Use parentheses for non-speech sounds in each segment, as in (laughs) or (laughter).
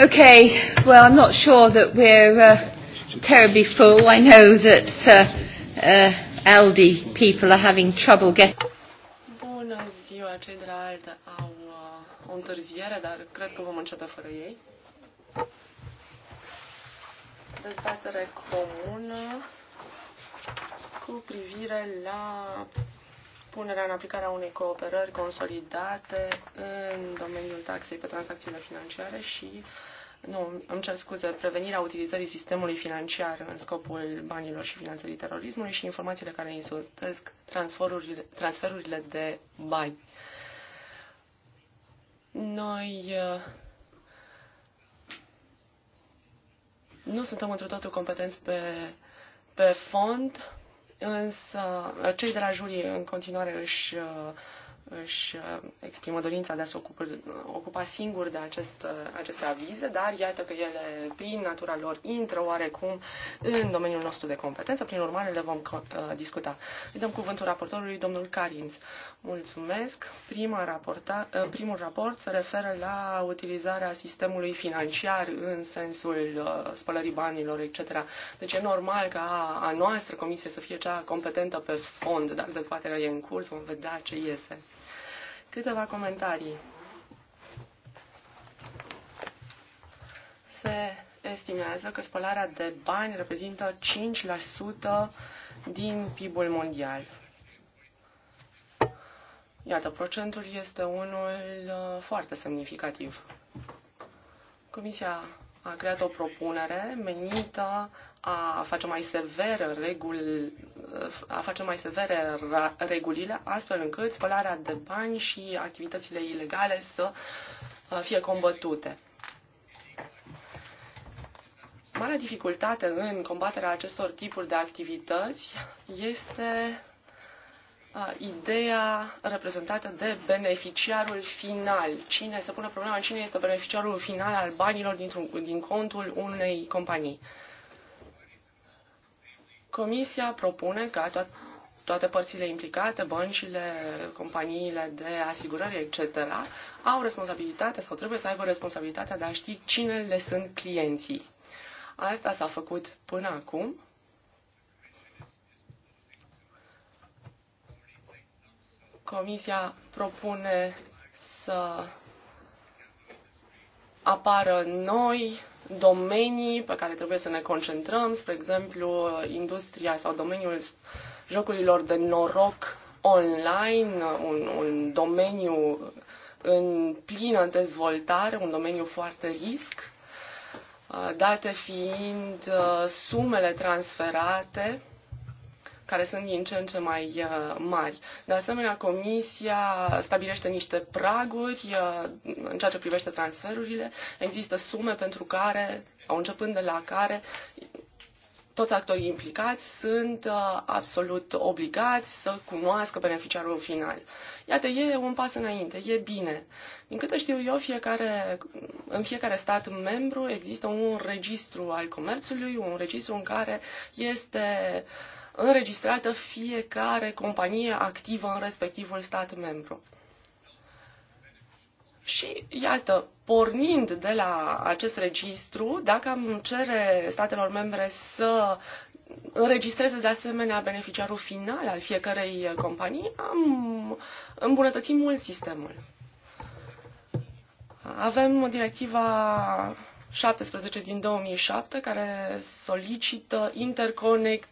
Okay, well, I'm not sure that we're uh, terribly full. I know that uh, uh, Aldi people are having trouble getting. Bună ziua, cei de la Aldi au uh, o întârziere, dar cred că vom începe fără ei. Dezbatere comună cu privire la punerea în aplicare a unei cooperări consolidate în domeniul taxei pe tranzacțiile financiare și uh, nu, îmi cer scuze, prevenirea utilizării sistemului financiar în scopul banilor și finanțării terorismului și informațiile care insustesc transferurile, transferurile de bani. Noi uh, nu suntem într totul competenți pe, pe fond, însă cei de la jurii în continuare își uh, își uh, exprimă dorința de a se ocupa, ocupa singur de acest, uh, aceste avize, dar iată că ele, prin natura lor, intră oarecum în domeniul nostru de competență, prin urmare le vom uh, discuta. Îi dăm cuvântul raportorului, domnul Carinț. Mulțumesc. Prima raporta, primul raport se referă la utilizarea sistemului financiar în sensul spălării banilor, etc. Deci e normal ca a noastră comisie să fie cea competentă pe fond, dar dezbaterea e în curs, vom vedea ce iese. Câteva comentarii. Se estimează că spălarea de bani reprezintă 5% din PIB-ul mondial. Iată, procentul este unul uh, foarte semnificativ. Comisia a creat o propunere menită a face mai severe regul a face mai severe regulile, astfel încât spălarea de bani și activitățile ilegale să fie combătute. Marea dificultate în combaterea acestor tipuri de activități este ideea reprezentată de beneficiarul final. Cine se pune problema cine este beneficiarul final al banilor dintr-un, din contul unei companii. Uh, Comisia propune ca to- toate părțile implicate, băncile, companiile de asigurări, etc., au responsabilitatea sau trebuie să aibă responsabilitatea de a ști cine le sunt clienții. Asta s-a făcut până acum. Comisia propune să apară noi domenii pe care trebuie să ne concentrăm, spre exemplu, industria sau domeniul jocurilor de noroc online, un, un domeniu în plină dezvoltare, un domeniu foarte risc, uh, date fiind uh, sumele transferate care sunt din ce în ce mai uh, mari. De asemenea, Comisia stabilește niște praguri uh, în ceea ce privește transferurile. Există sume pentru care, sau începând de la care, toți actorii implicați sunt uh, absolut obligați să cunoască beneficiarul final. Iată, e un pas înainte, e bine. Din câte știu eu, fiecare, în fiecare stat membru există un registru al comerțului, un registru în care este înregistrată fiecare companie activă în respectivul stat membru. Și, iată, pornind de la acest registru, dacă am cere statelor membre să înregistreze de asemenea beneficiarul final al fiecarei companii, am îmbunătățit mult sistemul. Avem directiva 17 din 2007 care solicită interconect,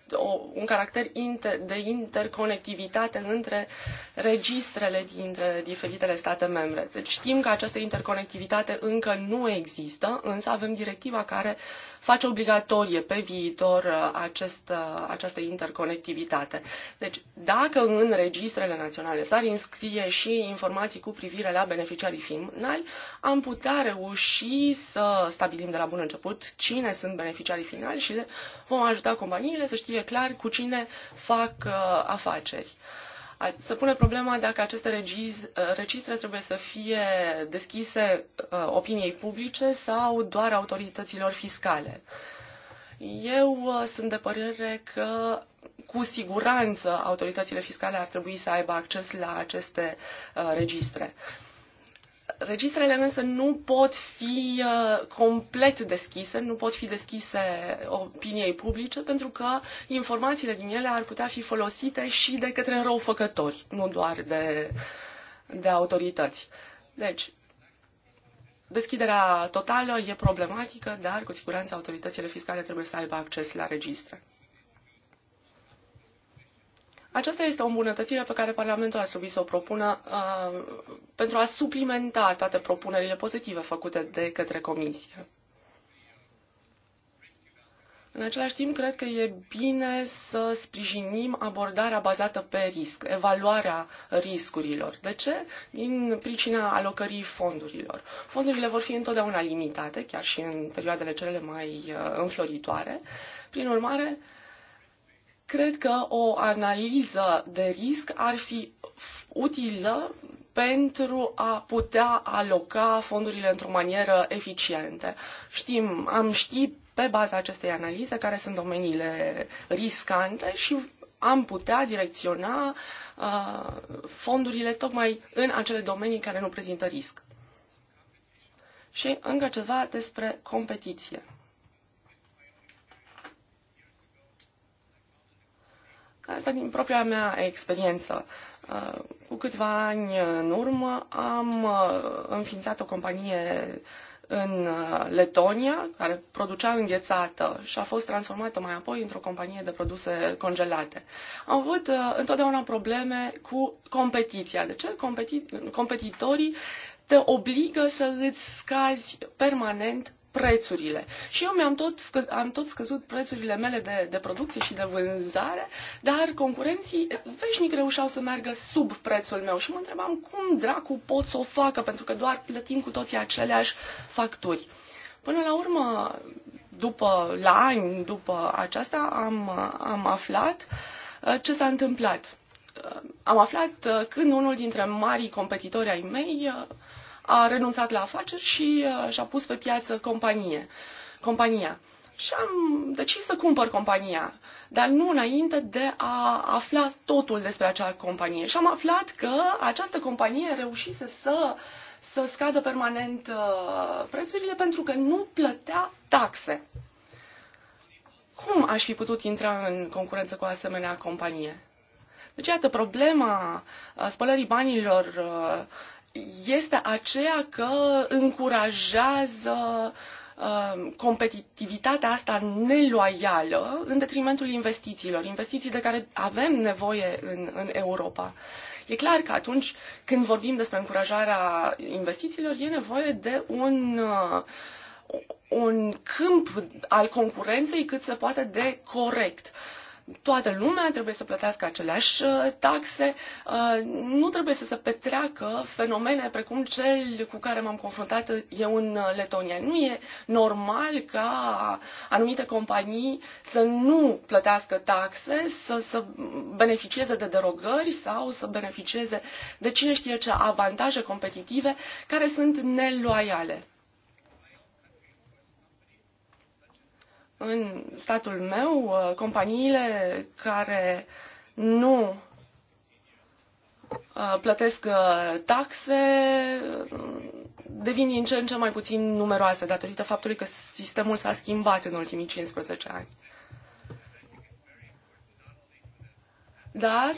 un caracter inter, de interconectivitate între registrele dintre diferitele state membre. Deci știm că această interconectivitate încă nu există, însă avem directiva care face obligatorie pe viitor uh, acest, uh, această interconectivitate. Deci dacă în registrele naționale s-ar înscrie și informații cu privire la beneficiarii finali, am putea reuși să stabilim stabilim de la bun început cine sunt beneficiarii finali și vom ajuta companiile să știe clar cu cine fac uh, afaceri. Se pune problema dacă aceste uh, registre trebuie să fie deschise uh, opiniei publice sau doar autorităților fiscale. Eu sunt de părere că cu siguranță autoritățile fiscale ar trebui să aibă acces la aceste uh, registre. Registrele însă nu pot fi uh, complet deschise, nu pot fi deschise opiniei publice, pentru că informațiile din ele ar putea fi folosite și de către răufăcători, nu doar de, de autorități. Deci, deschiderea totală e problematică, dar cu siguranță autoritățile fiscale trebuie să aibă acces la registre. Aceasta este o îmbunătățire pe care Parlamentul ar trebui să o propună uh, pentru a suplimenta toate propunerile pozitive făcute de către Comisie. În același timp, cred că e bine să sprijinim abordarea bazată pe risc, evaluarea riscurilor. De ce? Din pricina alocării fondurilor. Fondurile vor fi întotdeauna limitate, chiar și în perioadele cele mai înfloritoare. Prin urmare, uh, cred că o analiză de risc ar fi utilă pentru a putea aloca fondurile într-o manieră eficientă. Știm, am ști pe baza acestei analize care sunt domeniile riscante și am putea direcționa uh, fondurile tocmai în acele domenii care nu prezintă risc. Și încă ceva despre competiție. Asta din propria mea experiență. Uh, cu câțiva ani în urmă am uh, înființat o companie în uh, Letonia, care producea înghețată și a fost transformată mai apoi într-o companie de produse congelate. Am avut întotdeauna probleme cu competiția. De ce? Competi- competitorii te obligă să îți scazi permanent prețurile. Și eu mi-am tot, scăz, am tot scăzut prețurile mele de, de producție și de vânzare, dar concurenții veșnic reușeau să meargă sub prețul meu și mă întrebam cum dracu pot să o facă, pentru că doar plătim cu toții aceleași facturi. Până la urmă, după, la ani după aceasta, am, am aflat uh, ce s-a întâmplat. Uh, am aflat uh, când unul dintre marii competitori ai mei a renunțat la afaceri și uh, și-a pus pe piață companie, compania. Și am decis să cumpăr compania, dar nu înainte de a afla totul despre acea companie. Și am aflat că această companie reușise să să scadă permanent uh, prețurile pentru că nu plătea taxe. Cum aș fi putut intra în concurență cu o asemenea companie? Deci, iată, problema uh, spălării banilor este aceea că încurajează uh, competitivitatea asta neloială în detrimentul investițiilor, investiții de care avem nevoie în, în Europa. E clar că atunci când vorbim despre încurajarea investițiilor, e nevoie de un, uh, un câmp al concurenței cât se poate de corect. Uh, toată lumea trebuie să plătească aceleași uh, taxe, uh, nu trebuie să se petreacă fenomene precum cel cu care m-am confruntat eu în uh, Letonia. Nu e normal ca anumite companii să nu plătească taxe, să, să beneficieze de derogări sau să beneficieze de cine știe ce avantaje competitive care sunt neloiale. În statul meu, uh, companiile care nu uh, plătesc uh, taxe devin din ce în ce mai puțin numeroase datorită faptului că sistemul s-a schimbat în ultimii 15 ani. Dar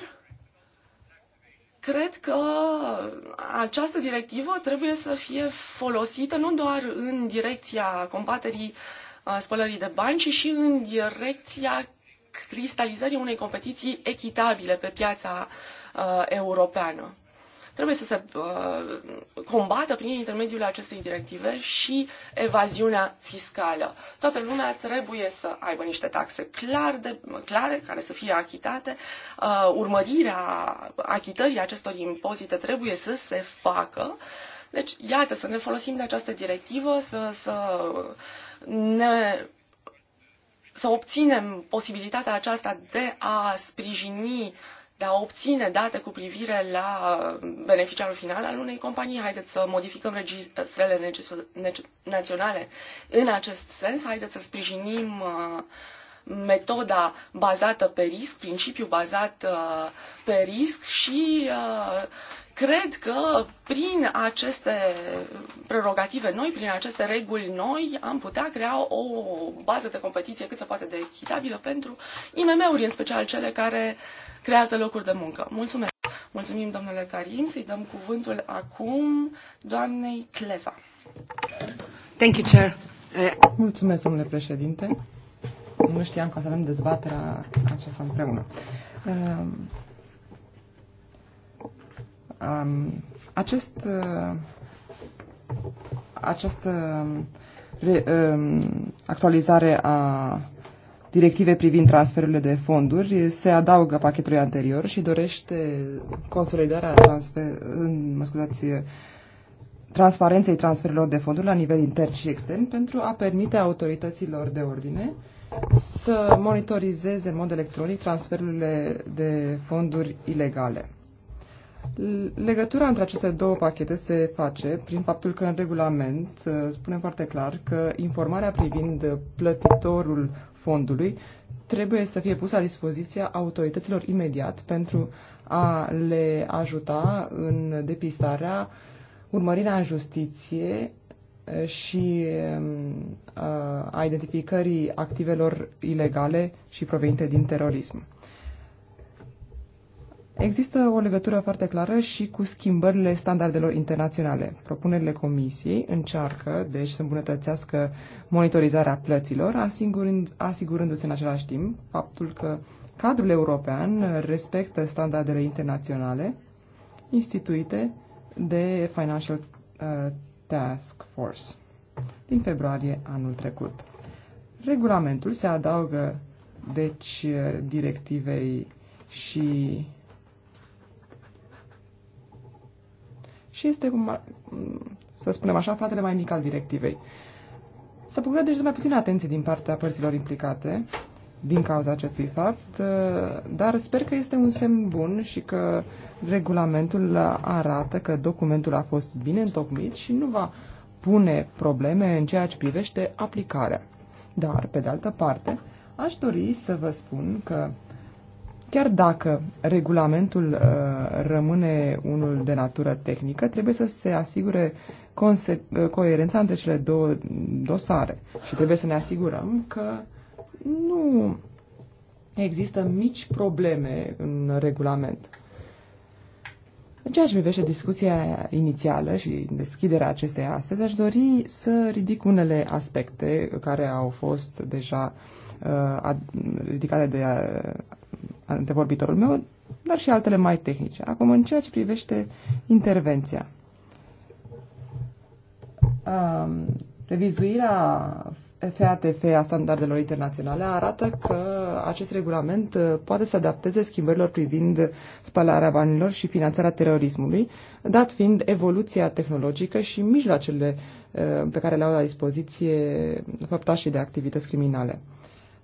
cred că această directivă trebuie să fie folosită nu doar în direcția combaterii uh, spălării de bani, ci și în direcția cristalizării unei competiții echitabile pe piața uh, europeană. Trebuie să se uh, combată prin intermediul acestei directive și evaziunea fiscală. Toată lumea trebuie să aibă niște taxe clar de, clare care să fie achitate. Uh, urmărirea achitării acestor impozite trebuie să se facă. Deci, iată, să ne folosim de această directivă, să, să uh, ne, să obținem posibilitatea aceasta de a sprijini, de a obține date cu privire la beneficiarul final al unei companii. Haideți să modificăm registrele naționale în acest sens, haideți să sprijinim uh, metoda bazată pe risc, principiul bazat uh, pe risc și uh, cred că prin aceste prerogative noi, prin aceste reguli noi, am putea crea o bază de competiție cât se poate de echitabilă pentru IMM-uri, în special cele care creează locuri de muncă. Mulțumesc! Mulțumim, domnule Karim, să-i dăm cuvântul acum doamnei Cleva. Thank you, Chair. Mulțumesc, domnule președinte. Nu știam că o să avem dezbaterea aceasta împreună. Um, acest, uh, această re, um, actualizare a directivei privind transferurile de fonduri se adaugă pachetului anterior și dorește consolidarea transfer, mă scuzați, transparenței transferurilor de fonduri la nivel intern și extern pentru a permite autorităților de ordine uh, să monitorizeze în mod electronic transferurile de fonduri ilegale. Legătura între aceste două pachete se face prin faptul că în regulament uh, spunem foarte clar că informarea privind plătitorul fondului trebuie să fie pusă la dispoziția autorităților imediat pentru a le ajuta în depistarea, urmărirea în justiție și uh, a identificării activelor ilegale și provenite din terorism. Există o legătură foarte clară și cu schimbările standardelor internaționale. Propunerile Comisiei încearcă, deci, să îmbunătățească monitorizarea plăților, asigurându-se în același timp faptul că cadrul european respectă standardele internaționale instituite de Financial uh, Task Force din februarie anul trecut. Regulamentul se adaugă, deci, directivei și și este, cum, să spunem așa, fratele mai mic al directivei. Să pugă deci de mai puțină atenție din partea părților implicate din cauza acestui fapt, uh, dar sper că este un semn bun și că regulamentul arată că documentul a fost bine întocmit și nu va pune probleme în ceea ce privește aplicarea. Dar, pe de altă parte, aș dori să vă spun că chiar dacă regulamentul uh, rămâne unul de natură tehnică, trebuie să se asigure conse- uh, coerența între cele două dosare și trebuie să ne asigurăm că nu există mici probleme în regulament. În ceea ce privește discuția inițială și deschiderea acestei astăzi, aș dori să ridic unele aspecte care au fost deja uh, ridicate de uh, antevorbitorul meu, dar și altele mai tehnice. Acum, în ceea ce privește intervenția. uh, revizuirea FATF a standardelor internaționale arată că acest regulament uh, poate să adapteze schimbărilor privind spălarea banilor și finanțarea terorismului, dat fiind evoluția tehnologică și mijloacele uh, pe care le au la dispoziție făptașii de activități criminale.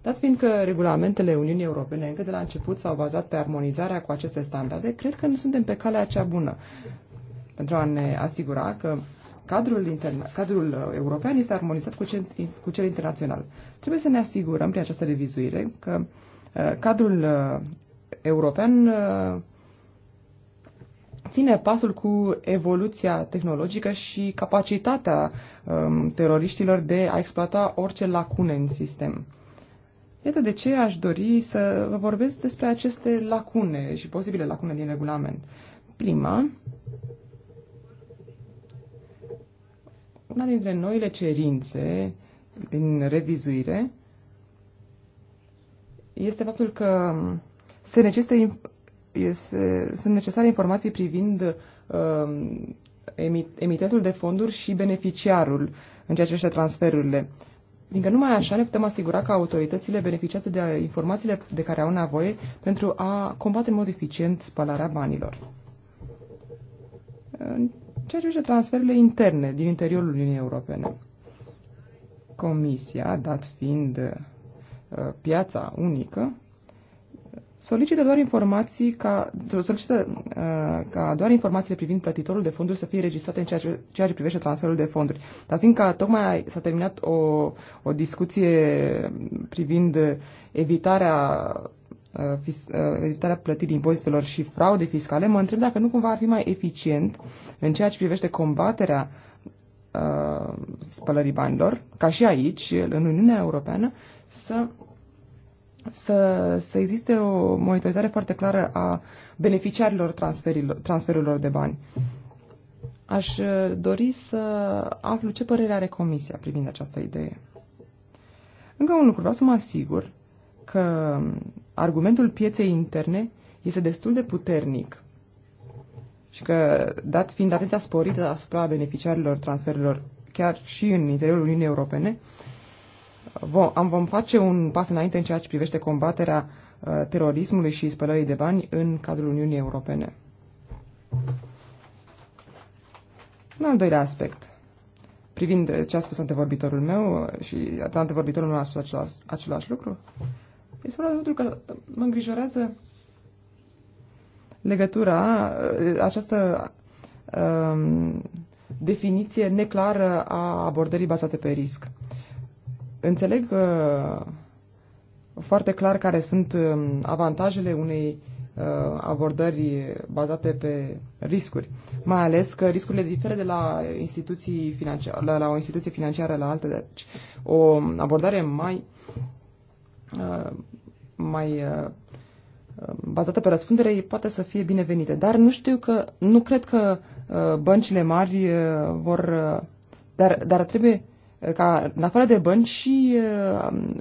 Dat fiind că regulamentele Uniunii Europene încă de la început s-au bazat pe armonizarea cu aceste standarde, cred că nu suntem pe calea cea bună pentru a ne asigura că cadrul, interna- cadrul uh, european este armonizat cu cel, cu cel internațional. Trebuie să ne asigurăm prin această revizuire că uh, cadrul uh, european uh, ține pasul cu evoluția tehnologică și capacitatea um, teroriștilor de a exploata orice lacune în sistem. Iată de ce aș dori să vă vorbesc despre aceste lacune și posibile lacune din regulament. Prima Una dintre noile cerințe din revizuire este faptul că se necesită, este, sunt necesare informații privind uh, um, emitentul de fonduri și beneficiarul în ceea ce privește transferurile. Fiindcă numai așa ne putem asigura că autoritățile beneficiază de informațiile de care au nevoie pentru a combate în mod eficient spălarea banilor ceea ce privește transferurile interne din interiorul Uniunii Europene. Comisia, dat fiind uh, piața unică, solicită doar informații ca, solicită, uh, ca doar informațiile privind plătitorul de fonduri să fie registrate în ceea ce, ceea ce privește transferul de fonduri. Dar fiindcă tocmai s-a terminat o, o discuție privind evitarea Uh, uh, evitarea plătirii impozitelor și fraude fiscale, mă întreb dacă nu cumva ar fi mai eficient în ceea ce privește combaterea uh, spălării banilor, ca și aici, în Uniunea Europeană, să, să, să existe o monitorizare foarte clară a beneficiarilor transferurilor, transferurilor de bani. Aș uh, dori să aflu ce părere are Comisia privind această idee. Încă un lucru, vreau să mă asigur că argumentul pieței interne este destul de puternic și că, dat fiind atenția sporită asupra beneficiarilor transferurilor, chiar și în interiorul Uniunii Europene, vom, am vom face un pas înainte în ceea ce privește combaterea uh, terorismului și spălării de bani în cadrul Uniunii Europene. Un al doilea aspect, privind ce a spus antevorbitorul meu uh, și da, antevorbitorul meu a spus același, același lucru, este vorba de faptul că mă îngrijorează legătura, uh, această um, definiție neclară a abordării bazate pe risc. Înțeleg uh, foarte clar care sunt um, avantajele unei uh, abordări bazate pe riscuri, mai ales că riscurile diferă de la, instituții financiare, la, la o instituție financiară la altă, deci o abordare mai Uh, mai uh, uh, bazată pe răspundere poate să fie binevenite. Dar nu știu că, nu cred că băncile mari vor, dar, dar trebuie ca, în afară de bănci, și,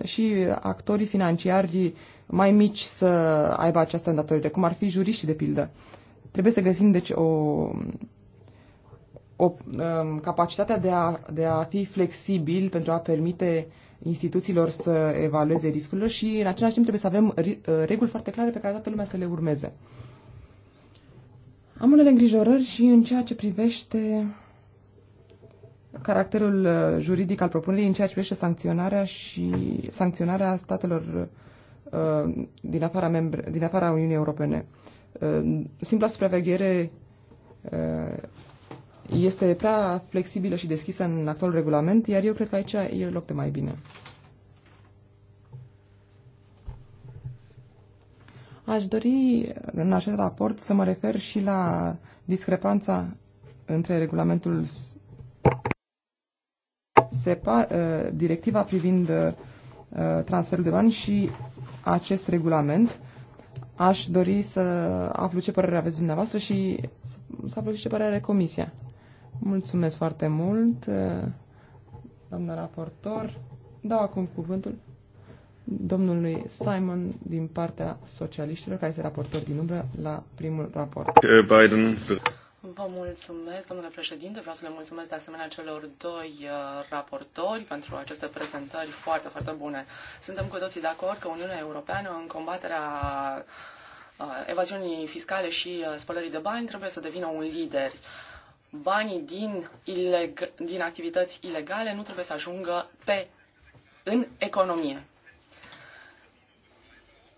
și actorii financiari mai mici să aibă această îndatorire, cum ar fi juriștii, de pildă. Trebuie să găsim, deci, o, o um, capacitatea de a, de a fi flexibil pentru a permite instituțiilor să evalueze riscurile și în același timp trebuie să avem uh, reguli foarte clare pe care toată lumea să le urmeze. Am unele îngrijorări și în ceea ce privește caracterul uh, juridic al propunerii, în ceea ce privește sancționarea și sancționarea statelor uh, din afara, membre, din afara Uniunii Europene. simpla supraveghere este prea flexibilă și deschisă în actualul regulament, iar eu cred că aici e loc de mai bine. Aș dori în acest raport să mă refer și la discrepanța între regulamentul SEPA, uh, directiva privind uh, transferul de bani și acest regulament. Aș dori să aflu ce părere aveți dumneavoastră și să aflu și ce părere are Comisia. Mulțumesc foarte mult, uh, doamnă raportor. Dau acum cuvântul domnului Simon din partea socialiștilor, care este raportor din umbră la primul raport. Biden. Vă mulțumesc, domnule președinte. Vreau să le mulțumesc de asemenea celor doi uh, raportori pentru aceste prezentări foarte, foarte bune. Suntem cu toții de acord că Uniunea Europeană în combaterea uh, evaziunii fiscale și spălării de bani trebuie să devină un lider banii din, ileg- din activități ilegale nu trebuie să ajungă pe, în economie.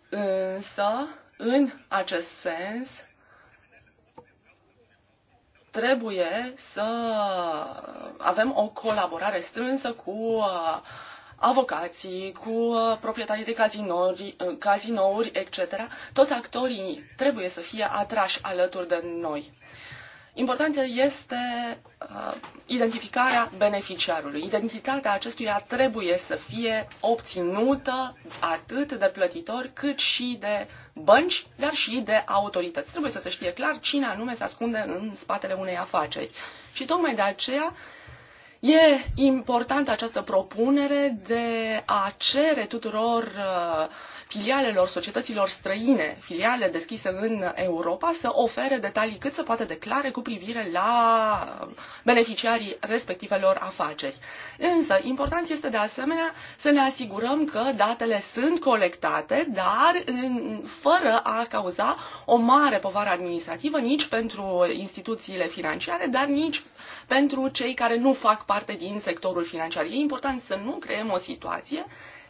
Însă, în acest sens, trebuie să avem o colaborare strânsă cu uh, avocații, cu uh, proprietarii de uh, cazinouri, cazinouri, etc. Toți actorii trebuie să fie atrași alături de noi. Important este uh, identificarea beneficiarului. Identitatea acestuia trebuie să fie obținută atât de plătitori cât și de bănci, dar și de autorități. Trebuie să se știe clar cine anume se ascunde în spatele unei afaceri. Și tocmai de aceea e importantă această propunere de a cere tuturor uh, filialelor societăților străine, filiale deschise în Europa, să ofere detalii cât se poate declare cu privire la beneficiarii respectivelor afaceri. Însă, important este de asemenea să ne asigurăm că datele sunt colectate, dar în, fără a cauza o mare povară administrativă nici pentru instituțiile financiare, dar nici pentru cei care nu fac parte din sectorul financiar. E important să nu creăm o situație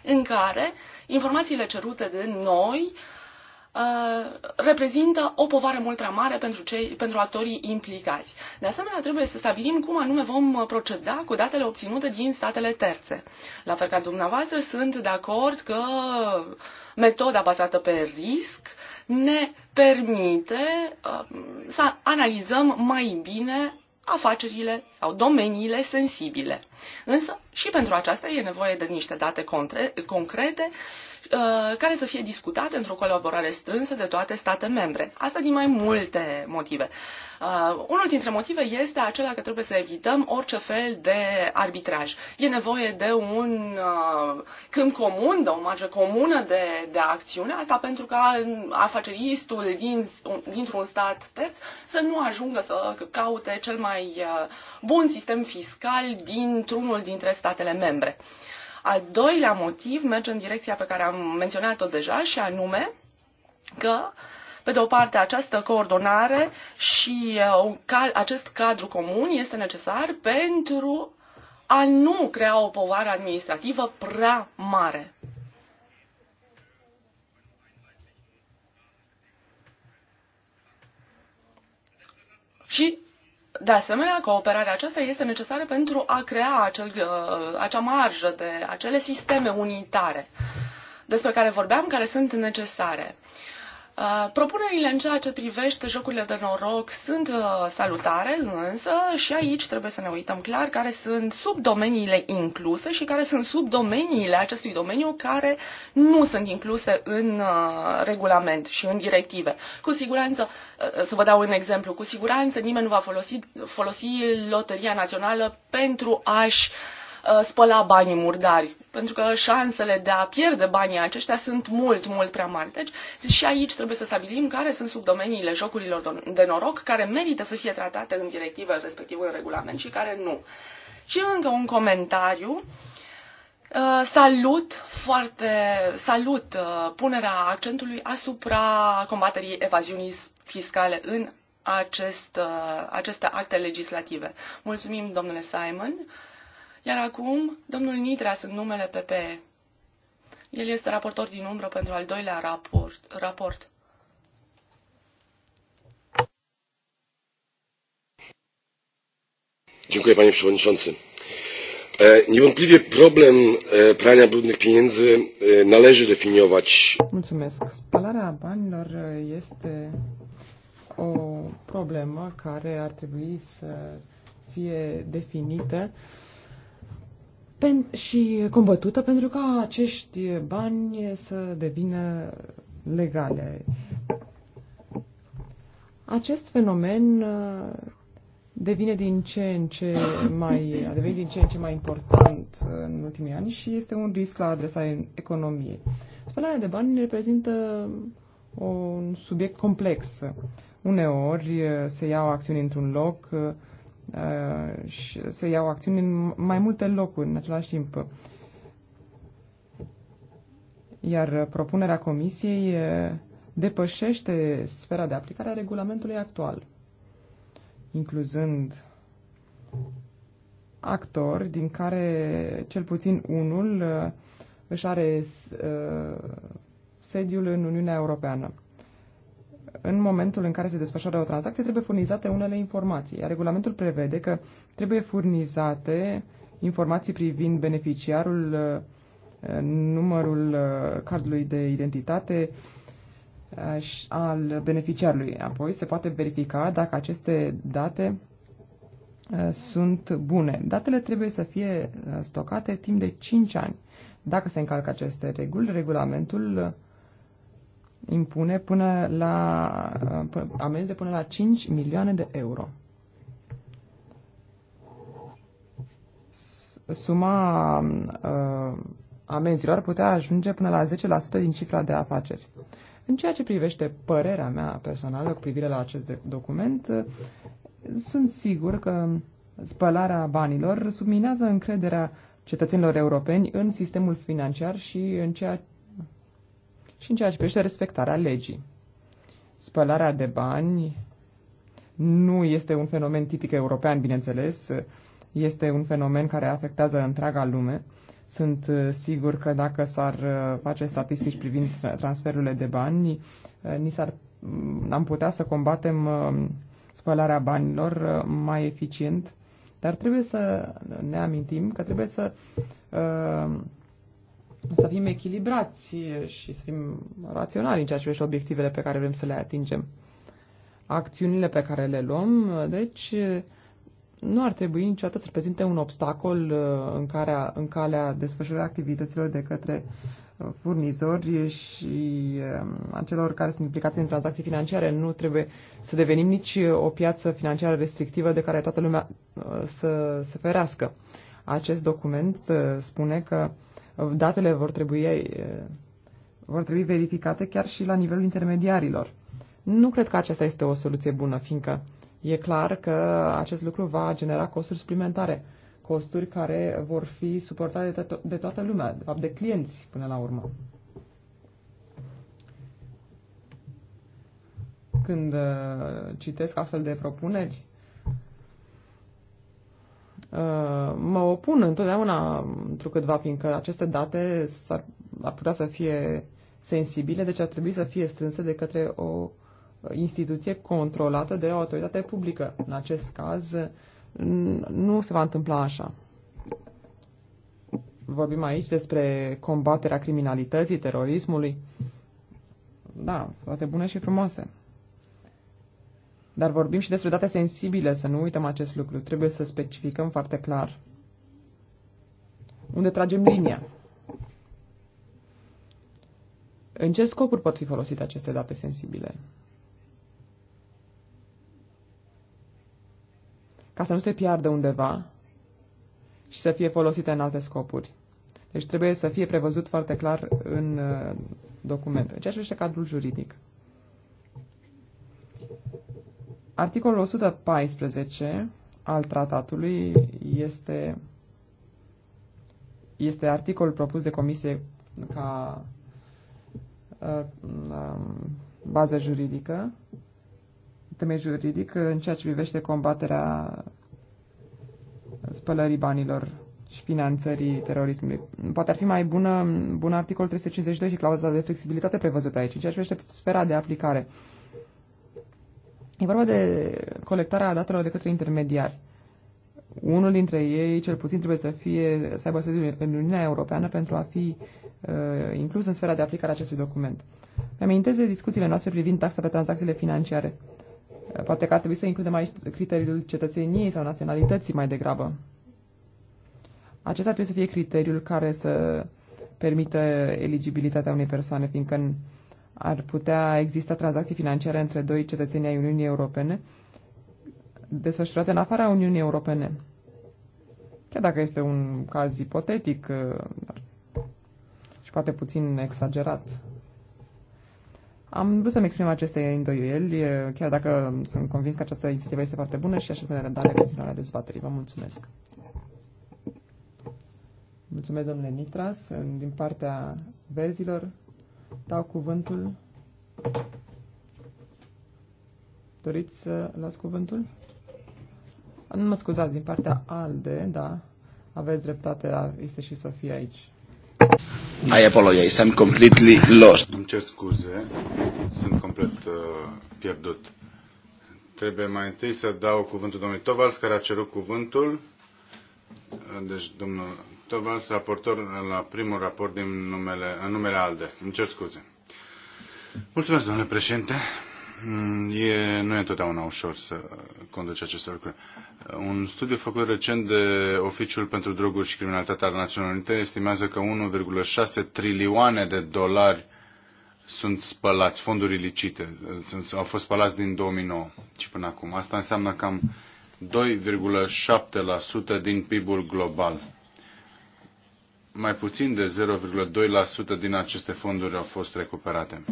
în care informațiile cerute de noi uh, reprezintă o povară mult prea mare pentru, cei, pentru actorii implicați. De asemenea, trebuie să stabilim cum anume vom proceda cu datele obținute din statele terțe. La fel ca dumneavoastră, sunt de acord că metoda bazată pe risc ne permite uh, să analizăm mai bine afacerile sau domeniile sensibile. Însă și pentru aceasta e nevoie de niște date concrete Uh, care să fie discutate într-o colaborare strânsă de toate state membre. Asta din mai multe motive. Uh, unul dintre motive este acela că trebuie să evităm orice fel de arbitraj. E nevoie de un uh, câmp comun, de o marge comună de, de acțiune, asta pentru ca afaceristul din, dintr-un stat terț să nu ajungă să caute cel mai bun sistem fiscal dintr-unul dintre statele membre. Uh, al doilea motiv merge în direcția pe care am menționat-o deja și anume că pe de o parte, această coordonare și uh, acest cadru comun este necesar pentru a nu crea o povară administrativă prea mare. Și de asemenea, cooperarea aceasta este necesară pentru a crea acel, uh, acea marjă de acele sisteme unitare despre care vorbeam, care sunt necesare. Uh, Uh, propunerile în ceea ce privește jocurile de noroc sunt uh, salutare, însă și aici trebuie să ne uităm clar care sunt subdomeniile incluse și care sunt subdomeniile acestui domeniu care nu sunt incluse în uh, regulament și în directive. Cu siguranță, să vă dau un exemplu, cu siguranță nimeni nu va folosi, folosi Loteria Națională pentru a-și uh, Uh, spăla banii murdari, pentru că șansele de a pierde banii aceștia sunt mult, mult prea mari. Deci și aici trebuie să stabilim care sunt subdomeniile jocurilor de noroc care merită să fie tratate în directivă, respectiv în regulament, și care nu. Și încă un comentariu. Uh, salut foarte salut uh, punerea accentului asupra combaterii evaziunii fiscale în acest, aceste acte legislative. Mulțumim, domnule Simon. Iar acum, domnul Nitras în numele PPE. El este raportor din umbră pentru al doilea raport. raport. Dziękuję panie przewodniczący. E, Niewątpliwie problem e, prania brudnych pieniędzy e, należy definiować. Mulțumesc. Spalarea banilor este o problemă care ar trebui să fie definită pen- și combătută pentru ca acești bani să devină legale. Acest fenomen uh, devine din ce în ce mai, a devenit din ce în ce mai important uh, în ultimii ani și este un risc la adresa economiei. Spălarea de bani reprezintă un subiect complex. Uneori uh, se iau acțiuni într-un loc, Uh, și să iau acțiuni în mai multe locuri în același timp. Iar uh, propunerea Comisiei uh, depășește sfera de aplicare a regulamentului actual, incluzând actori din care cel puțin unul își are sediul în Uniunea Europeană în momentul în care se desfășoară o tranzacție, trebuie furnizate unele informații. Iar regulamentul prevede că trebuie furnizate informații privind beneficiarul, uh, numărul uh, cardului de identitate uh, al beneficiarului. Apoi se poate verifica dacă aceste date sunt bune. Datele trebuie să fie stocate timp de 5 ani. Dacă se încalcă aceste reguli, regulamentul impune până la amenzi de până la 5 milioane de euro. Suma uh, ă, amenzilor putea ajunge până la 10% din cifra de afaceri. În ceea ce privește părerea mea personală cu privire la acest document, sunt sigur că spălarea banilor subminează încrederea cetățenilor europeni în sistemul financiar și în ceea și în ceea ce privește respectarea legii. Spălarea de bani nu este un fenomen tipic european, bineînțeles, este un fenomen care afectează întreaga lume. Sunt uh, sigur că dacă s-ar uh, face statistici privind transferurile de bani, uh, ni s-ar, mm, am putea să combatem spălarea banilor mai eficient, dar trebuie să ne amintim că trebuie să să fim echilibrați și să fim raționali în ceea ce privește obiectivele pe care vrem să le atingem. Acțiunile pe care le luăm, deci, nu ar trebui niciodată să reprezinte un obstacol uh, în, care, în calea desfășurării activităților de către uh, furnizori și um, a celor care sunt implicați în tranzacții financiare. Nu trebuie să devenim nici o piață financiară restrictivă de care toată lumea uh, să se ferească. Acest document spune că datele vor trebui, eh, vor trebui verificate chiar și la nivelul intermediarilor. Nu cred că aceasta este o soluție bună, fiindcă e clar că acest lucru va genera costuri suplimentare, costuri care vor fi suportate de, to- de toată lumea, de fapt de clienți până la urmă. Când eh, citesc astfel de propuneri, Uh, mă opun întotdeauna câtva, fiindcă aceste date s-ar, ar putea să fie sensibile, deci ar trebui să fie strânse de către o instituție controlată de o autoritate publică. În acest caz, nu se va întâmpla așa. Vorbim aici despre combaterea criminalității, terorismului. Da, toate bune și frumoase. Dar vorbim și despre date sensibile, să nu uităm acest lucru. Trebuie să specificăm foarte clar unde tragem linia. În ce scopuri pot fi folosite aceste date sensibile? Ca să nu se piardă undeva și să fie folosite în alte scopuri. Deci trebuie să fie prevăzut foarte clar în uh, document. În ceea ce cadrul juridic. Articolul 114 al tratatului este, este articol propus de comisie ca uh, um, bază juridică, temei juridic în ceea ce privește combaterea spălării banilor și finanțării terorismului. Poate ar fi mai bună, bun articol 352 și clauza de flexibilitate prevăzută aici, în ceea ce privește sfera de aplicare. Uh, E vorba de colectarea datelor de către intermediari. Unul dintre ei, cel puțin, trebuie să, fie, să aibă sediu în Uniunea Europeană pentru a fi uh, inclus în sfera de aplicare a acestui document. Mi-amintesc de discuțiile noastre privind taxa pe tranzacțiile financiare. Uh, poate că ar trebui să includem aici criteriul cetățeniei sau naționalității mai degrabă. Acesta trebuie să fie criteriul care să permită eligibilitatea unei persoane, fiindcă în ar putea exista tranzacții financiare între doi cetățeni ai Uniunii Europene desfășurate în afara Uniunii Europene. Chiar dacă este un caz ipotetic uh, dar și poate puțin exagerat. Am vrut să-mi exprim aceste îndoieli, uh, chiar dacă sunt convins că această inițiativă este foarte bună și aștept în răbdare continuarea dezbaterii. Vă mulțumesc! Mulțumesc, domnule Nitras, din partea verzilor dau cuvântul. Doriți să las cuvântul? Nu mă scuzați, din partea ALDE, da, aveți dreptate, este și Sofia aici. I apologize, I'm completely lost. Îmi cer scuze, sunt complet uh, pierdut. Trebuie mai întâi să dau cuvântul domnului Tovars, care a cerut cuvântul. Deci, domnul Tovas, raportor la primul raport din numele, în numele ALDE. Îmi cer scuze. Mulțumesc, domnule președinte. Mm, e, nu e întotdeauna ușor să conduci aceste lucruri. Un studiu făcut recent de Oficiul pentru Droguri și Criminalitatea Națională Unită estimează că 1,6 trilioane de dolari sunt spălați, fonduri ilicite, sunt, au fost spălați din 2009 și până acum. Asta înseamnă cam 2,7% din PIB-ul global mai puțin de 0,2% din aceste fonduri au fost recuperate.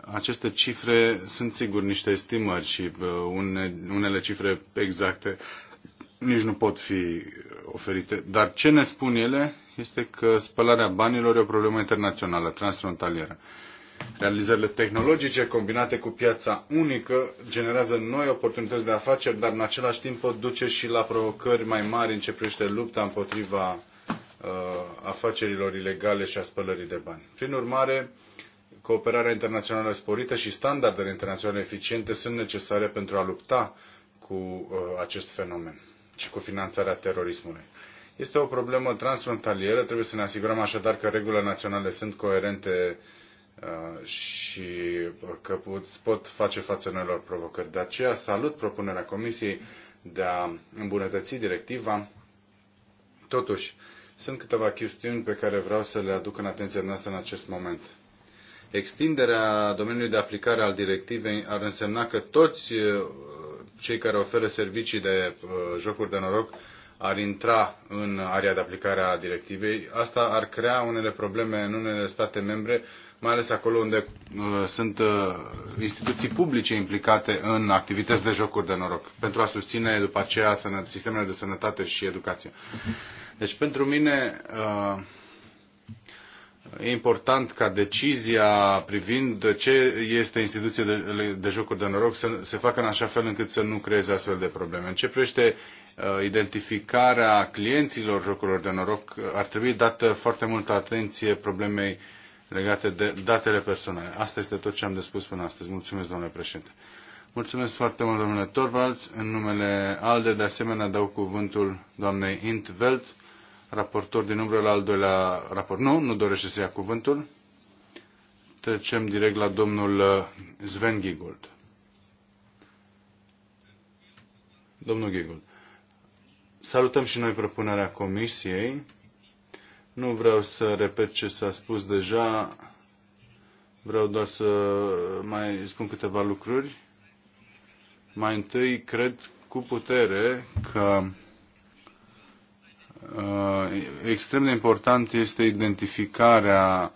Aceste cifre sunt sigur niște estimări și unele cifre exacte nici nu pot fi oferite. Dar ce ne spun ele este că spălarea banilor e o problemă internațională, transfrontalieră. Realizările tehnologice combinate cu piața unică generează noi oportunități de afaceri, dar în același timp pot duce și la provocări mai mari în ce privește lupta împotriva Uh, afacerilor ilegale și a spălării de bani. Prin urmare, cooperarea internațională sporită și standardele internaționale eficiente sunt necesare pentru a lupta cu uh, acest fenomen și cu finanțarea terorismului. Este o problemă transfrontalieră, trebuie să ne asigurăm așadar că regulile naționale sunt coerente uh, și că pot face față noilor provocări. De aceea salut propunerea Comisiei de a îmbunătăți directiva. Totuși, sunt câteva chestiuni pe care vreau să le aduc în atenția noastră în acest moment. Extinderea domeniului de aplicare al directivei ar însemna că toți uh, cei care oferă servicii de uh, jocuri de noroc ar intra în area de aplicare a directivei. Asta ar crea unele probleme în unele state membre, mai ales acolo unde uh, sunt instituții publice implicate în activități de jocuri de noroc, pentru a susține după aceea sistemele de sănătate și educație. Uh-huh. Deci pentru mine uh, e important ca decizia privind ce este instituție de, de jocuri de noroc să se facă în așa fel încât să nu creeze astfel de probleme. În ce privește uh, identificarea clienților jocurilor de noroc, ar trebui dată foarte multă atenție problemei legate de datele personale. Asta este tot ce am de spus până astăzi. Mulțumesc, domnule președinte. Mulțumesc foarte mult, domnule Torvalds. În numele ALDE, de asemenea, dau cuvântul doamnei Int raportor din umbră la al doilea raport. Nu, nu dorește să ia cuvântul. Trecem direct la domnul uh, Sven Gigold. Domnul Gigold. salutăm și noi propunerea comisiei. Nu vreau să repet ce s-a spus deja. Vreau doar să mai spun câteva lucruri. Mai întâi, cred cu putere că Uh, extrem de important este identificarea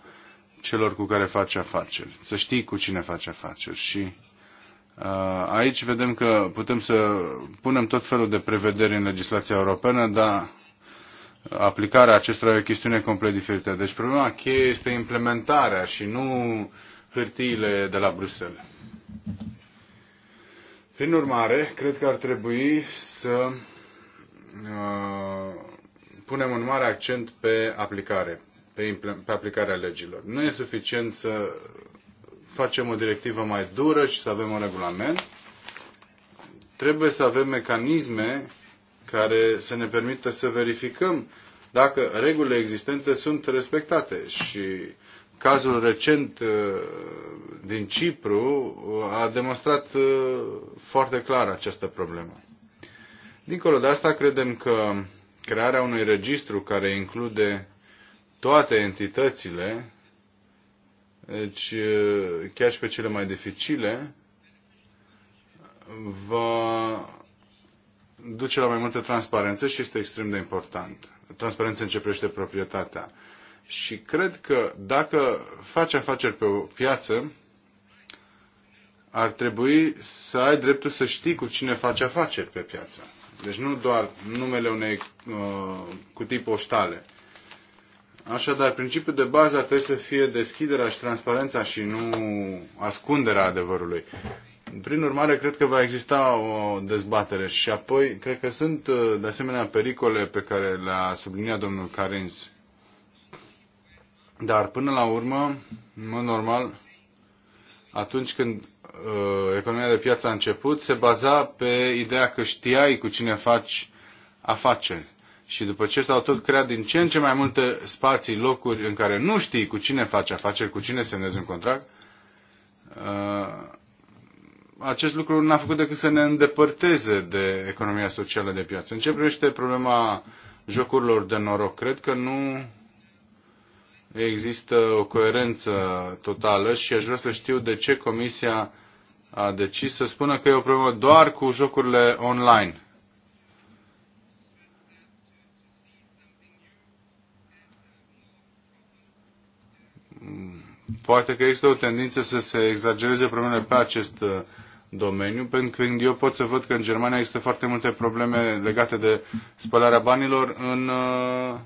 celor cu care faci afaceri, să știi cu cine faci afaceri și uh, aici vedem că putem să punem tot felul de prevederi în legislația europeană, dar aplicarea acestora e o chestiune complet diferită. Deci problema cheie este implementarea și nu hârtiile de la Bruxelles. Prin urmare, cred că ar trebui să uh, punem un mare accent pe aplicare, pe, pe aplicarea legilor. Nu e suficient să facem o directivă mai dură și să avem un regulament. Trebuie să avem mecanisme care să ne permită să verificăm dacă regulile existente sunt respectate. Și cazul recent uh, din Cipru uh, a demonstrat uh, foarte clar această problemă. Dincolo de asta, credem că crearea unui registru care include toate entitățile, deci chiar și pe cele mai dificile, va duce la mai multă transparență și este extrem de important. Transparența începește proprietatea. Și cred că dacă faci afaceri pe o piață, ar trebui să ai dreptul să știi cu cine faci afaceri pe piață. Deci nu doar numele unei uh, cutii poștale. Așadar, principiul de bază ar trebui să fie deschiderea și transparența și nu ascunderea adevărului. Prin urmare, cred că va exista o dezbatere și apoi cred că sunt uh, de asemenea pericole pe care le-a subliniat domnul Carins. Dar până la urmă, în mod normal, atunci când Uh, economia de piață a început se baza pe ideea că știai cu cine faci afaceri. Și după ce s-au tot creat din ce în ce mai multe spații, locuri în care nu știi cu cine faci afaceri, cu cine semnezi un contract, uh, acest lucru n-a făcut decât să ne îndepărteze de economia socială de piață. În ce privește problema jocurilor de noroc, cred că nu există o coerență totală și aș vrea să știu de ce Comisia a decis să spună că e o problemă doar cu jocurile online. Poate că există o tendință să se exagereze problemele pe acest uh, domeniu, pentru că eu pot să văd că în Germania există foarte multe probleme legate de spălarea banilor în uh,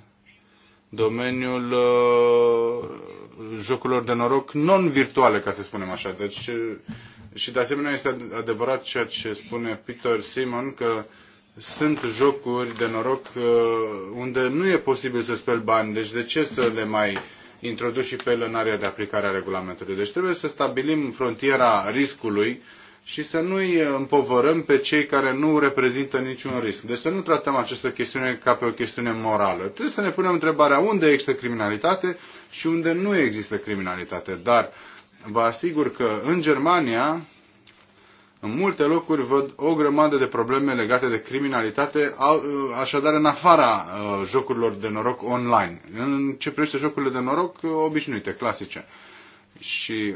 domeniul uh, jocurilor de noroc non-virtuale, ca să spunem așa. Deci, și de asemenea este adevărat ceea ce spune Peter Simon, că sunt jocuri de noroc uh, unde nu e posibil să speli bani, deci de ce să le mai introduci și pe el în area de aplicare a regulamentului. Deci trebuie să stabilim frontiera riscului și să nu îi uh, împovărăm pe cei care nu reprezintă niciun risc. Deci să nu tratăm această chestiune ca pe o chestiune morală. Trebuie să ne punem întrebarea unde există criminalitate și unde nu există criminalitate. Dar vă asigur că în Germania, în multe locuri, văd o grămadă de probleme legate de criminalitate, uh, așadar în afara uh, jocurilor de noroc online. În ce privește jocurile de noroc obișnuite, clasice. Și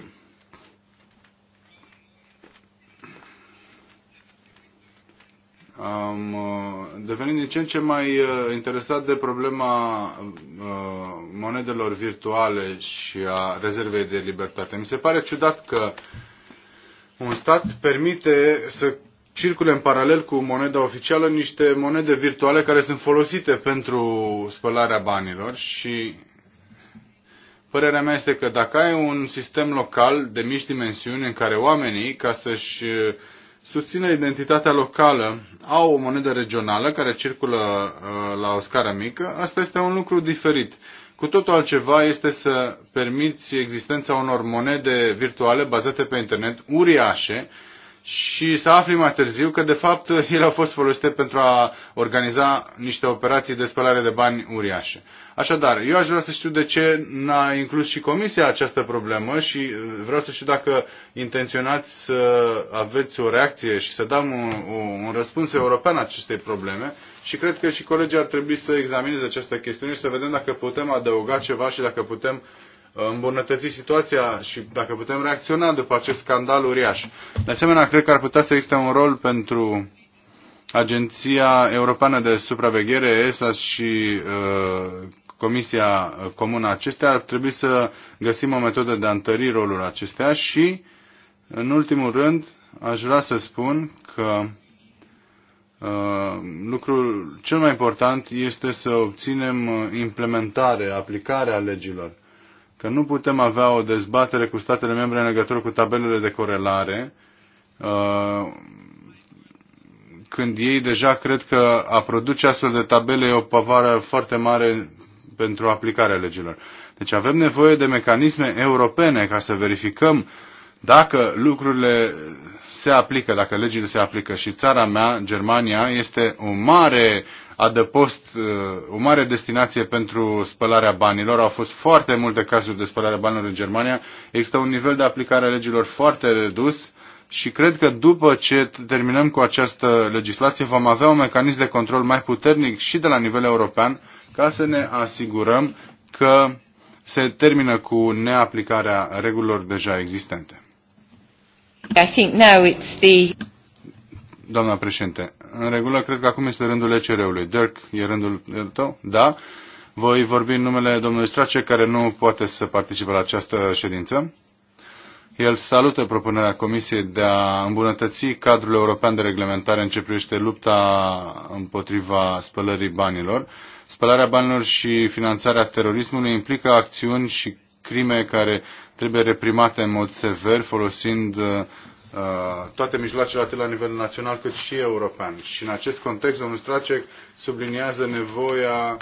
am uh, devenit din ce în ce mai uh, interesat de problema uh, monedelor virtuale și a rezervei de libertate. Mi se pare ciudat că un stat permite să circule în paralel cu moneda oficială niște monede virtuale care sunt folosite pentru spălarea banilor și părerea mea este că dacă ai un sistem local de mici dimensiuni în care oamenii, ca să-și susține identitatea locală. Au o monedă regională care circulă uh, la o scară mică. Asta este un lucru diferit. Cu totul altceva este să permiți existența unor monede virtuale bazate pe internet uriașe, și să afli mai târziu că, de fapt, (laughs) ele au fost folosite pentru a organiza niște operații de spălare de bani uriașe. Așadar, eu aș vrea să știu de ce n-a inclus și Comisia această problemă și uh, vreau să știu dacă intenționați să aveți o reacție și să dăm un, un răspuns european acestei probleme și cred că și colegii ar trebui să examineze această chestiune și să vedem dacă putem adăuga ceva și dacă putem uh, îmbunătăți situația și dacă putem reacționa după acest scandal uriaș. De asemenea, cred că ar putea să existe un rol pentru Agenția Europeană de Supraveghere, ESA și uh, Comisia Comună acestea, ar trebui să găsim o metodă de a întări rolul acestea și, în ultimul rând, aș vrea să spun că Uh, lucrul cel mai important este să obținem uh, implementare, aplicarea legilor că nu putem avea o dezbatere cu statele membre în legătură cu tabelele de corelare, uh, când ei deja cred că a produce astfel de tabele e o povară foarte mare pentru aplicarea legilor. Deci avem nevoie de mecanisme europene ca să verificăm dacă lucrurile se aplică, dacă legile se aplică. Și țara mea, Germania, este o mare uh, adăpost, uh, o mare destinație pentru spălarea banilor. Au fost foarte multe cazuri de spălare a banilor în Germania. Există un nivel de aplicare a legilor foarte redus și cred că după ce terminăm cu această legislație vom avea un mecanism de control mai puternic și de la nivel european ca să ne asigurăm că se termină cu neaplicarea regulilor deja existente. I think now it's the... Doamna președinte, în regulă, cred că acum este rândul ECR-ului. Dirk, e rândul tău? Da. Voi vorbi în numele domnului Strace, care nu poate să participe la această ședință. El salută propunerea Comisiei de a îmbunătăți cadrul european de reglementare în ce privește lupta împotriva spălării banilor. Spălarea banilor și finanțarea terorismului implică acțiuni și crime care trebuie reprimate în mod sever, folosind Uh, toate mijloacele atât la nivel național cât și european. Și în acest context, domnul Stracek subliniază nevoia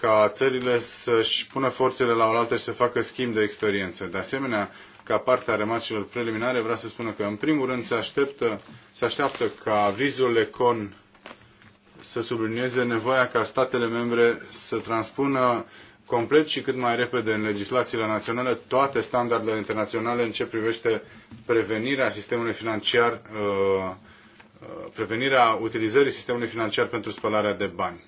ca țările să-și pună forțele la oaltă și să facă schimb de experiență. De asemenea, ca parte a remarcilor preliminare, vreau să spună că, în primul rând, se așteaptă, se așteaptă ca vizul ECON să sublinieze nevoia ca statele membre să transpună complet și cât mai repede în legislațiile naționale toate standardele internaționale în ce privește prevenirea sistemului financiar, uh, uh, prevenirea utilizării sistemului financiar pentru spălarea de bani.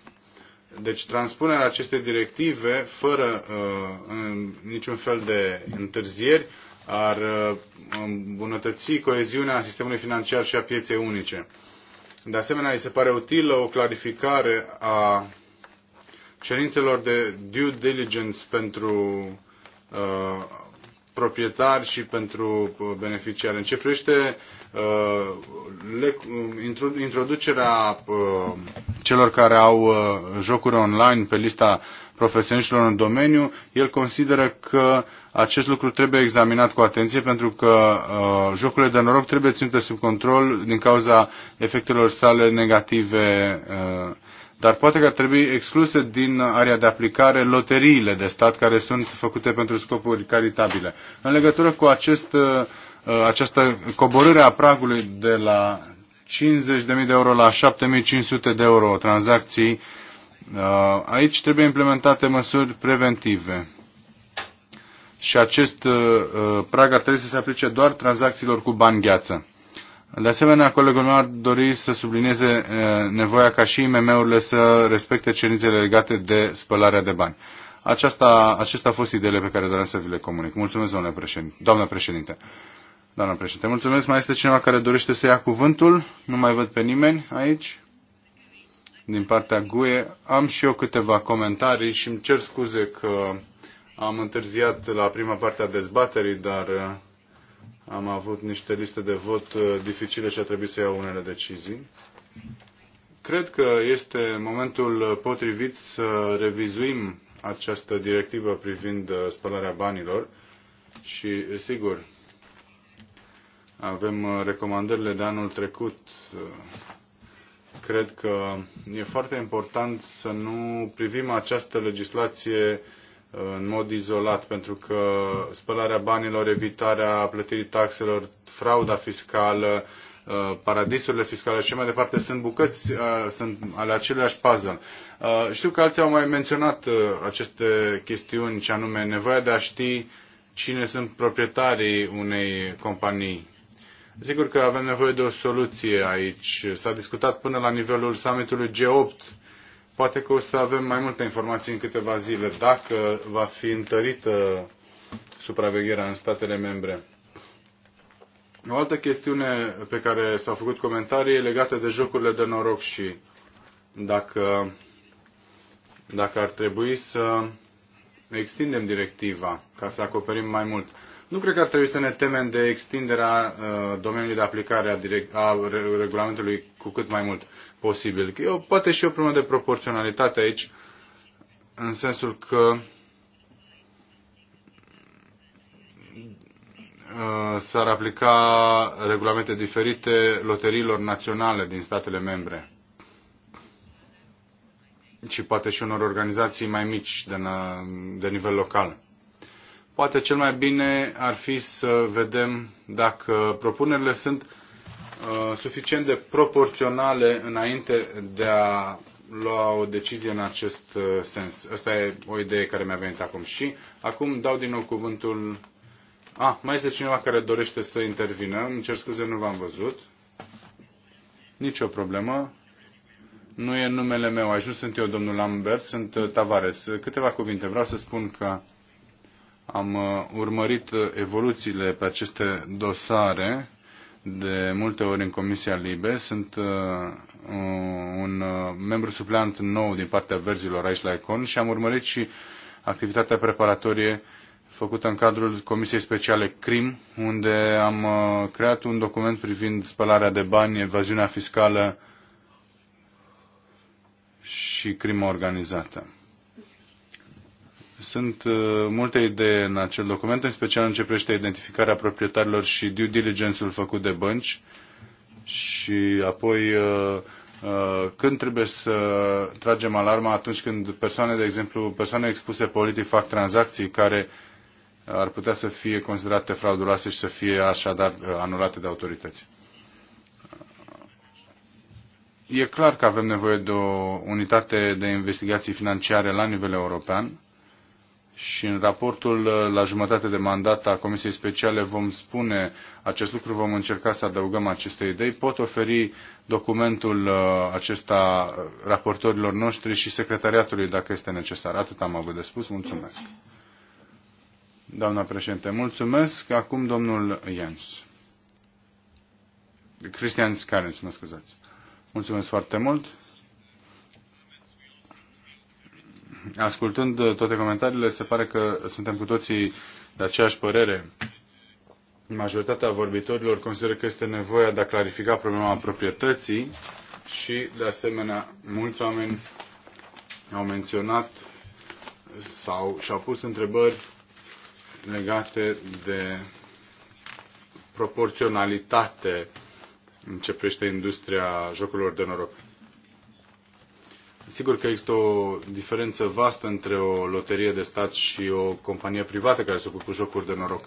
Deci transpunerea acestei directive fără uh, niciun fel de întârzieri ar îmbunătăți coeziunea sistemului financiar și a pieței unice. De asemenea, îi se pare utilă o clarificare a cerințelor de due diligence pentru uh, proprietari și pentru uh, beneficiari. În ce privește uh, introducerea uh, celor care au uh, jocuri online pe lista profesioniștilor în domeniu, el consideră că acest lucru trebuie examinat cu atenție pentru că uh, jocurile de noroc trebuie ținute sub control din cauza efectelor sale negative uh, dar poate că ar trebui excluse din area de aplicare loteriile de stat care sunt făcute pentru scopuri caritabile. În legătură cu acest, uh, uh, această coborâre a pragului de la 50.000 de euro la 7.500 de euro tranzacții, uh, aici trebuie implementate măsuri preventive. Și acest prag ar trebui să se aplice doar tranzacțiilor cu bani gheață. De asemenea, colegul meu ar dori să sublinieze eh, nevoia ca și IMM-urile să respecte cerințele legate de spălarea de bani. Aceasta, acestea au fost ideile pe care doream să vi le comunic. Mulțumesc, doamne președinte. Doamna președinte. Doamna președinte, mulțumesc. Mai este cineva care dorește să ia cuvântul? Nu mai văd pe nimeni aici. Din partea GUE am și eu câteva comentarii și îmi cer scuze că am întârziat la prima parte a dezbaterii, dar eh, am avut niște liste de vot uh, dificile și a trebuit să iau unele decizii. Cred că este momentul potrivit să revizuim această directivă privind uh, spălarea banilor și, sigur, avem uh, recomandările de anul trecut. Cred că e foarte important să nu privim această legislație în mod izolat, pentru că spălarea banilor, evitarea plătirii taxelor, frauda fiscală, uh, paradisurile fiscale și mai departe sunt bucăți uh, sunt ale aceleași puzzle. Uh, știu că alții au mai menționat aceste chestiuni, ce anume nevoia de a ști cine sunt proprietarii unei companii. Sigur că avem nevoie de o soluție aici. S-a discutat până la nivelul summitului G8 Poate că o să avem mai multe informații în câteva zile dacă va fi întărită supravegherea în statele membre. O altă chestiune pe care s-au făcut comentarii e legată de jocurile de noroc și dacă, dacă ar trebui să extindem directiva ca să acoperim mai mult. Nu cred că ar trebui să ne temem de extinderea uh, domeniului de aplicare a, direct, a regulamentului cu cât mai mult posibil. E o, poate și o problemă de proporționalitate aici, în sensul că uh, s-ar aplica regulamente diferite loteriilor naționale din statele membre și poate și unor organizații mai mici de, na, de nivel local. Poate cel mai bine ar fi să vedem dacă propunerile sunt Uh, suficient de proporționale înainte de a lua o decizie în acest uh, sens. Asta e o idee care mi-a venit acum. Și acum dau din nou cuvântul... Ah, mai este cineva care dorește să intervină. Îmi cer scuze, nu v-am văzut. Nicio problemă. Nu e numele meu, aici nu sunt eu, domnul Lambert, sunt uh, Tavares. Câteva cuvinte. Vreau să spun că am urmărit evoluțiile pe aceste dosare de multe ori în Comisia Libe. Sunt uh, un uh, membru supleant nou din partea verzilor aici la Econ și am urmărit și activitatea preparatorie făcută în cadrul Comisiei Speciale CRIM, unde am uh, creat un document privind spălarea de bani, evaziunea fiscală și crimă organizată. Sunt uh, multe idei în acel document, în special în ce privește identificarea proprietarilor și due diligence-ul făcut de bănci și apoi uh, uh, când trebuie să tragem alarma atunci când persoane, de exemplu, persoane expuse politic fac tranzacții care ar putea să fie considerate frauduloase și să fie așadar anulate de autorități. E clar că avem nevoie de o unitate de investigații financiare la nivel european și în raportul uh, la jumătate de mandat a Comisiei Speciale vom spune acest lucru, vom încerca să adăugăm aceste idei. Pot oferi documentul uh, acesta uh, raportorilor noștri și secretariatului dacă este necesar. Atât am avut de spus. Mulțumesc. Doamna președinte, mulțumesc. Acum domnul Jens. Cristian Scarens, mă scuzați. Mulțumesc foarte mult. ascultând uh, toate comentariile, se pare că suntem cu toții de aceeași părere. Majoritatea vorbitorilor consideră că este nevoia de a clarifica problema proprietății și, de asemenea, mulți oameni au menționat sau și-au pus întrebări legate de proporționalitate în ce privește industria jocurilor de noroc. Sigur că există o diferență vastă între o loterie de stat și o companie privată care se ocupă cu jocuri de noroc.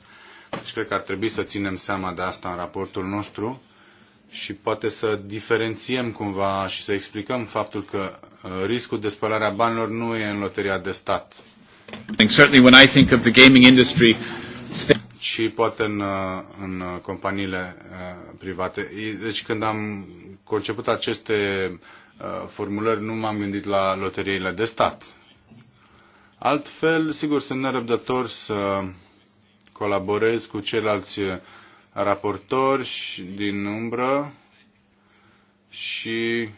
Deci cred că ar trebui să ținem seama de asta în raportul nostru și poate să diferențiem cumva și să explicăm faptul că uh, riscul de spălare a banilor nu e în loteria de stat. Certainly when I think of the gaming industry, și poate în, uh, în companiile uh, private. Deci când am conceput aceste Uh, formulări nu m-am gândit la loteriile de stat. Altfel, sigur, sunt nerăbdător să colaborez cu ceilalți raportori din umbră și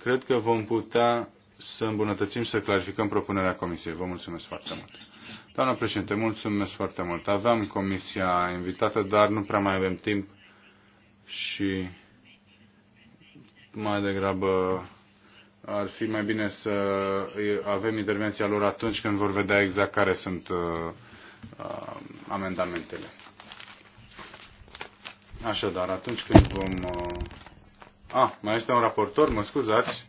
cred că vom putea să îmbunătățim și să clarificăm propunerea Comisiei. Vă mulțumesc foarte mult. Doamna președinte, mulțumesc foarte mult. Aveam Comisia invitată, dar nu prea mai avem timp și mai degrabă ar fi mai bine să avem intervenția lor atunci când vor vedea exact care sunt uh, uh, amendamentele. Așadar, atunci când vom... Uh, A, ah, mai este un raportor, mă scuzați.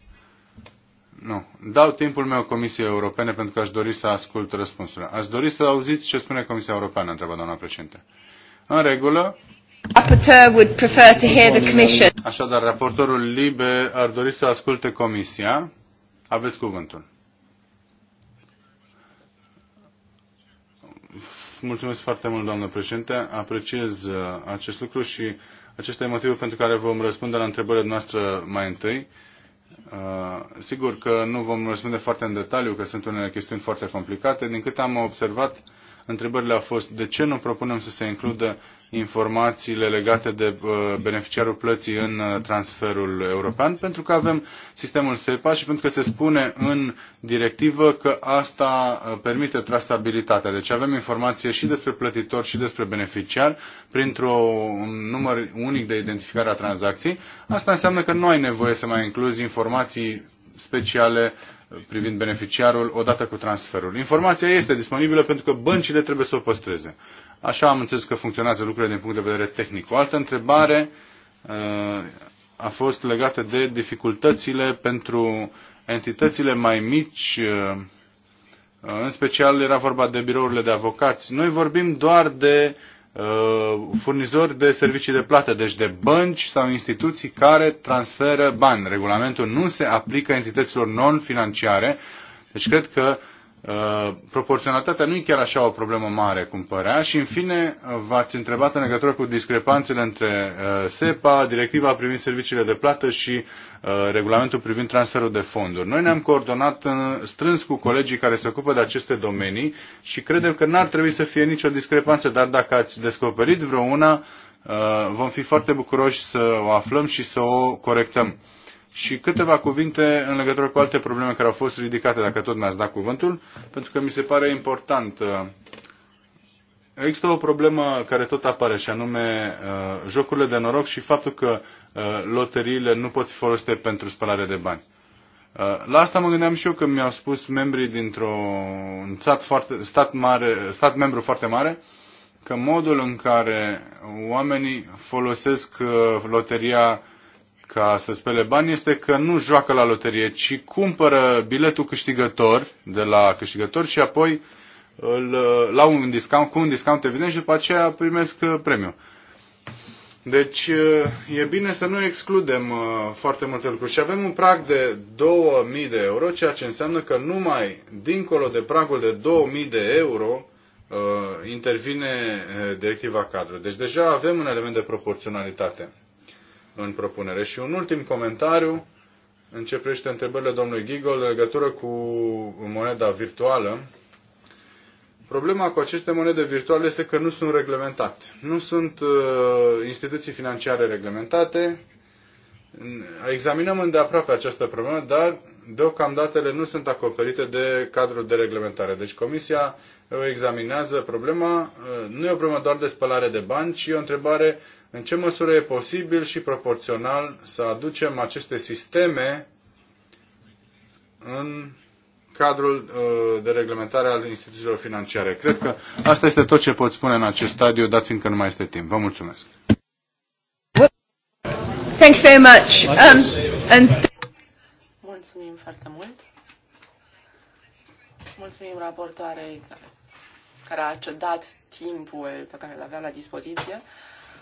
Nu. Dau timpul meu Comisiei Europene pentru că aș dori să ascult răspunsurile. Ați dori să auziți ce spune Comisia Europeană, întreba doamna președinte. În regulă, Așadar, raportorul Libe ar dori să asculte comisia. Aveți cuvântul. Mulțumesc foarte mult, doamnă președinte. Apreciez uh, acest lucru și acesta e motivul pentru care vom răspunde la întrebările noastre mai întâi. Uh, sigur că nu vom răspunde foarte în detaliu, că sunt unele chestiuni foarte complicate. Din câte am observat, uh, întrebările au fost de ce nu propunem să se includă informațiile legate de uh, beneficiarul plății în uh, transferul european, pentru că avem sistemul SEPA și pentru că se spune în directivă că asta uh, permite trasabilitatea. Deci avem informație și despre plătitor și despre beneficiar printr-un număr unic de identificare a tranzacției. Asta înseamnă că nu ai nevoie să mai incluzi informații speciale privind beneficiarul odată cu transferul. Informația este disponibilă pentru că băncile trebuie să o păstreze. Așa am înțeles că funcționează lucrurile din punct de vedere tehnic. O altă întrebare uh, a fost legată de dificultățile pentru entitățile mai mici, uh, în special era vorba de birourile de avocați. Noi vorbim doar de uh, Uh, furnizori de servicii de plată, deci de bănci sau instituții care transferă bani. Regulamentul nu se aplică entităților non-financiare, deci cred că Uh, proporționalitatea nu e chiar așa o problemă mare, cum părea. Și, în fine, uh, v-ați întrebat în legătură cu discrepanțele între uh, SEPA, directiva privind serviciile de plată și regulamentul privind transferul de fonduri. Noi ne-am coordonat strâns cu colegii care se ocupă de aceste domenii și credem că n-ar trebui să fie nicio discrepanță, dar dacă ați descoperit vreuna, vom fi foarte bucuroși să o aflăm și să o corectăm și câteva cuvinte în legătură cu alte probleme care au fost ridicate, dacă tot mi-ați dat cuvântul, pentru că mi se pare important. Uh, există o problemă care tot apare și anume uh, jocurile de noroc și faptul că uh, loteriile nu pot fi folosite pentru spălare de bani. La asta mă gândeam și eu când mi-au spus membrii dintr-un stat, stat, mare, stat membru foarte mare că modul în care oamenii folosesc loteria ca să spele bani este că nu joacă la loterie, ci cumpără biletul câștigător de la câștigător și apoi îl, uh, la un discount, cu un discount evident și după aceea primesc uh, premiu. Deci uh, e bine să nu excludem foarte multe lucruri. Și avem un prag de 2000 de euro, ceea ce înseamnă că numai dincolo de pragul de 2000 de euro intervine directiva cadru. Deci deja avem un element de proporționalitate în propunere. Și un ultim comentariu în ce privește întrebările domnului Gigol în legătură cu moneda virtuală. Problema cu aceste monede virtuale este că nu sunt reglementate. Nu sunt uh, instituții financiare reglementate. Examinăm îndeaproape această problemă, dar deocamdată ele nu sunt acoperite de cadrul de reglementare. Deci Comisia uh, examinează problema. Uh, nu e o problemă doar de spălare de bani, ci e o întrebare în ce măsură e posibil și proporțional să aducem aceste sisteme în cadrul uh, de reglementare al instituțiilor financiare. Cred că asta este tot ce pot spune în acest stadiu, dat fiindcă nu mai este timp. Vă mulțumesc. Thanks very much. Um, and Mulțumim foarte mult. Mulțumim raportoarei care a cedat timpul pe care îl avea la dispoziție.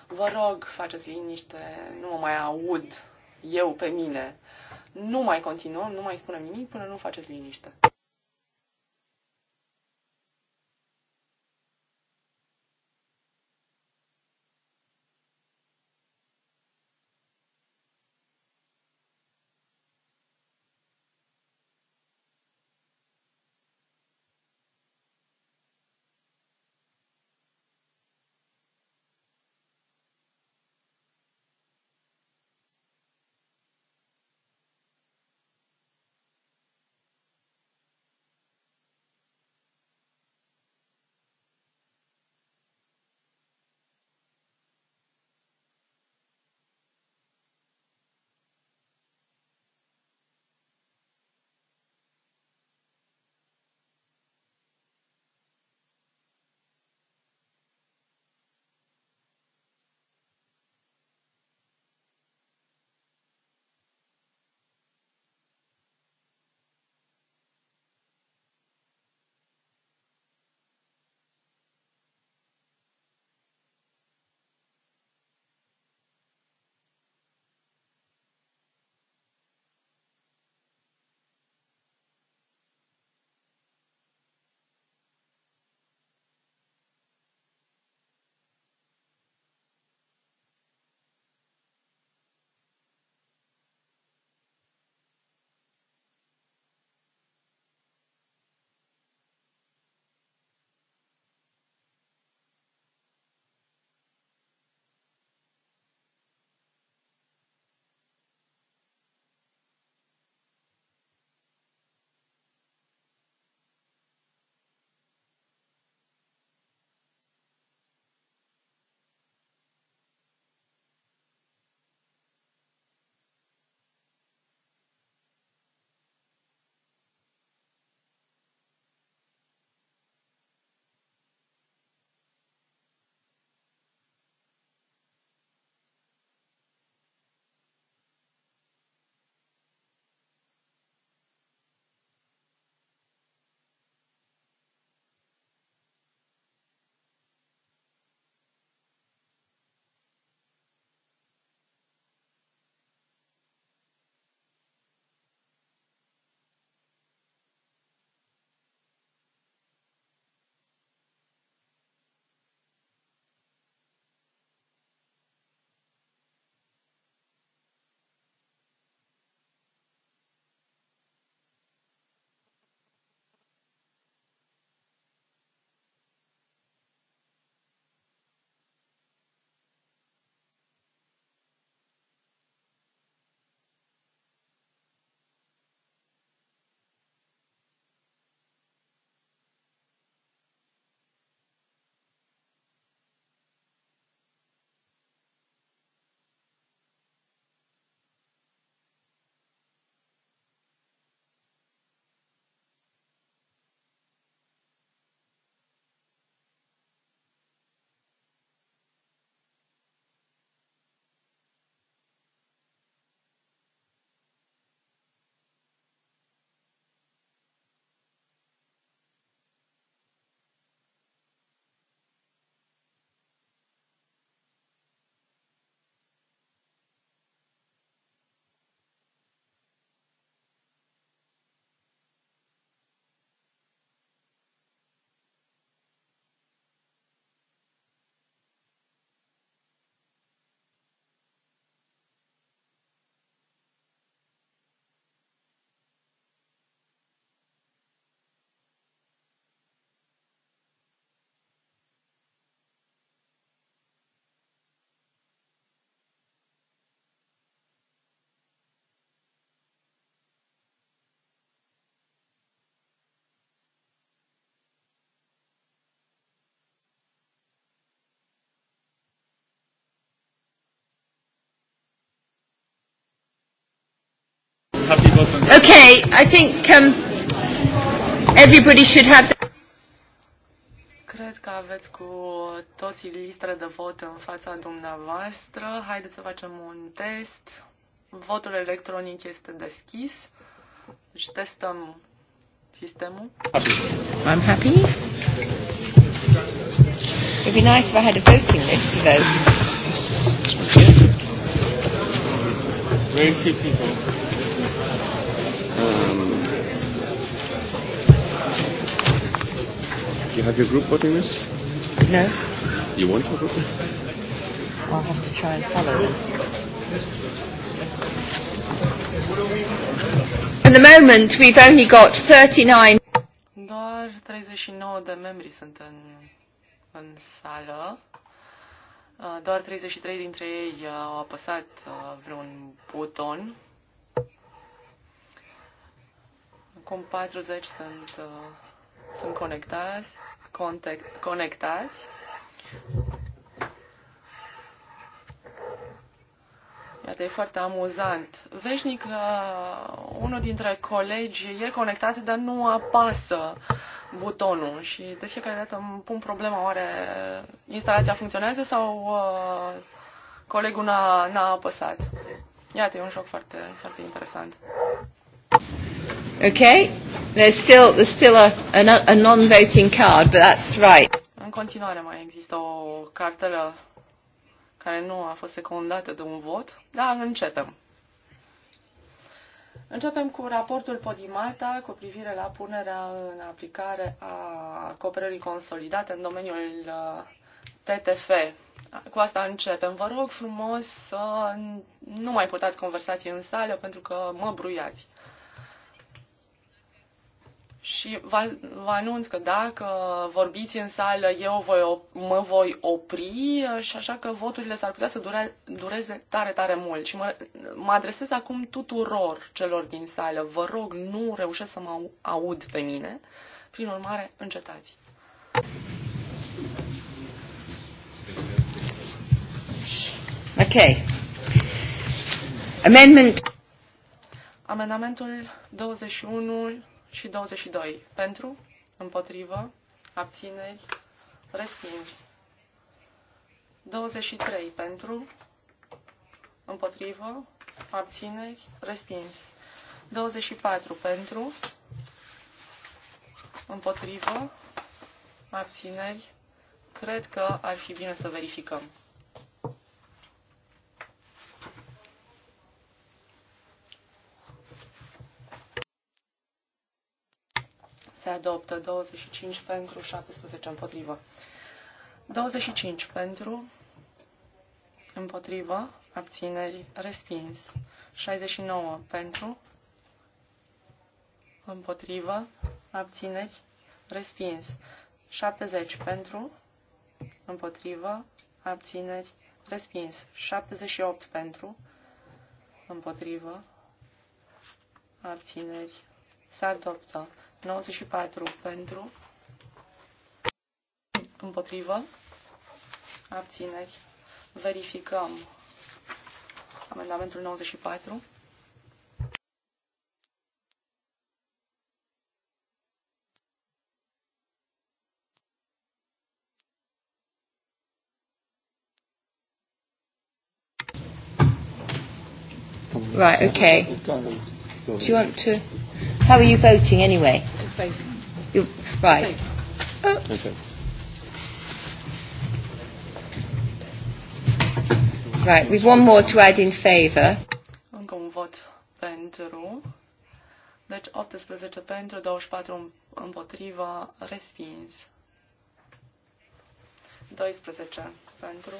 Vă rog, faceți liniște, nu mă mai aud eu pe mine. Nu mai continuăm, nu mai spunem nimic până nu faceți liniște. Okay, I think um, everybody should have. Cred că aveți cu toții listele de vot în fața dumneavoastră. Haideți să facem un test. Votul electronic este deschis. Deci testăm sistemul. I'm happy. It'd be nice if I had a voting list to vote. Very few people. Um, you have your group voting list? No. You want your group? I'll have to try and follow them. At the moment, we've only got 39. Doar 39 de membri sunt în, în sală. Uh, doar 33 dintre ei uh, au apăsat uh, vreun buton cum 40 sunt, uh, sunt conectați, contact, conectați. Iată, e foarte amuzant. Veșnic, uh, unul dintre colegi e conectat, dar nu apasă butonul și de fiecare dată îmi pun problema, oare instalația funcționează sau uh, colegul n-a, n-a apăsat. Iată, e un joc foarte, foarte interesant. Okay? There's still, there's still a, a, a non-voting card, but that's right. În continuare mai există o cartelă care nu a fost secundată de un vot, dar începem. Începem cu raportul Podimata cu privire la punerea în aplicare a cooperării consolidate în domeniul uh, TTF. Cu asta începem. Vă rog frumos să nu mai purtați conversații în sală pentru că mă bruiați și vă, vă anunț că dacă vorbiți în sală, eu voi, mă voi opri și așa că voturile s-ar putea să dure, dureze tare, tare mult. Și mă, mă adresez acum tuturor celor din sală. Vă rog, nu reușesc să mă aud pe mine. Prin urmare, încetați. Ok. Amendment. Amendamentul 21 și 22. Pentru, împotrivă, abțineri, respins. 23. Pentru, împotrivă, abțineri, respins. 24. Pentru, împotrivă, abțineri, cred că ar fi bine să verificăm. se adoptă. 25 pentru, 17 împotrivă. 25 pentru, împotrivă, abțineri, respins. 69 pentru, împotrivă, abțineri, respins. 70 pentru, împotrivă, abțineri, respins. 78 pentru, împotrivă, abțineri, se adoptă. 94 pentru, împotrivă, abțineri. Verificăm amendamentul 94. Right, okay. Do you want to? How are you voting anyway? In favour. You're, right. Oops. Okay. Right, we've one more to add in favour. Încă un vot pentru. Deci 18 pentru, 24 împotriva, respins. 12 pentru,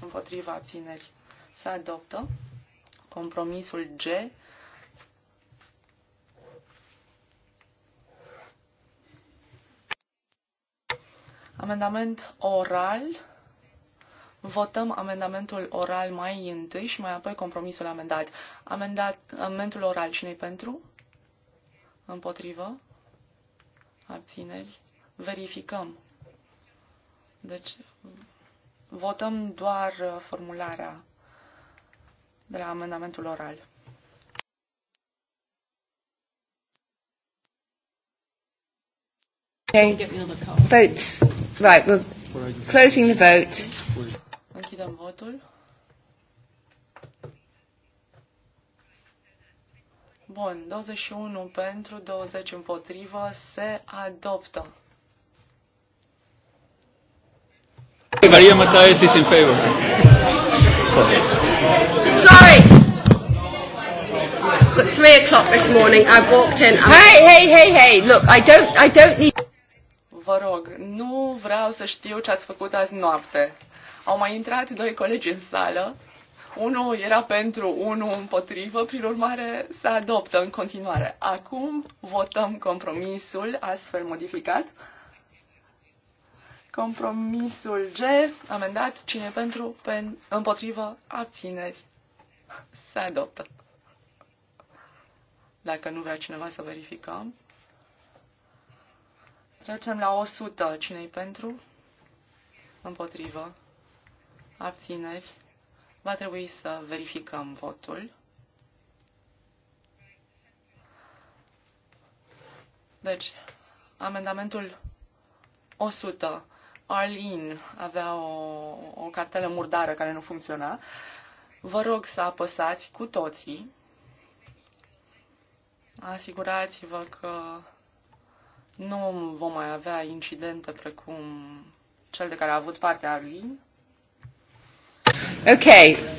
împotriva abțineri. Se adoptă compromisul G Amendament oral. Votăm amendamentul oral mai întâi și mai apoi compromisul amendat. Amendat, amendamentul oral cine pentru? Împotrivă? Abțineri? Verificăm. Deci votăm doar uh, formularea de la amendamentul oral. Okay. Votes Right, we're closing the vote. Închidem votul. Bun, 21 pentru, 20 împotrivă, se adoptă. Maria Matias is in favor. Sorry. Sorry. At three o'clock this morning, I walked in. I... Hey, hey, hey, hey! Look, I don't, I don't need. Vă rog, nu vreau să știu ce ați făcut azi noapte. Au mai intrat doi colegi în sală. Unul era pentru, unul împotrivă, prin urmare se adoptă în continuare. Acum votăm compromisul astfel modificat. Compromisul G, amendat, cine pentru, pen, împotrivă, abțineri, se adoptă. Dacă nu vrea cineva să verificăm. Trecem la 100. cine pentru? Împotrivă. Abțineri. Va trebui să verificăm votul. Deci, amendamentul 100. Arlin avea o, o cartelă murdară care nu funcționa. Vă rog să apăsați cu toții. Asigurați-vă că nu vom mai avea incidente precum cel de care a avut parte lui. Ok,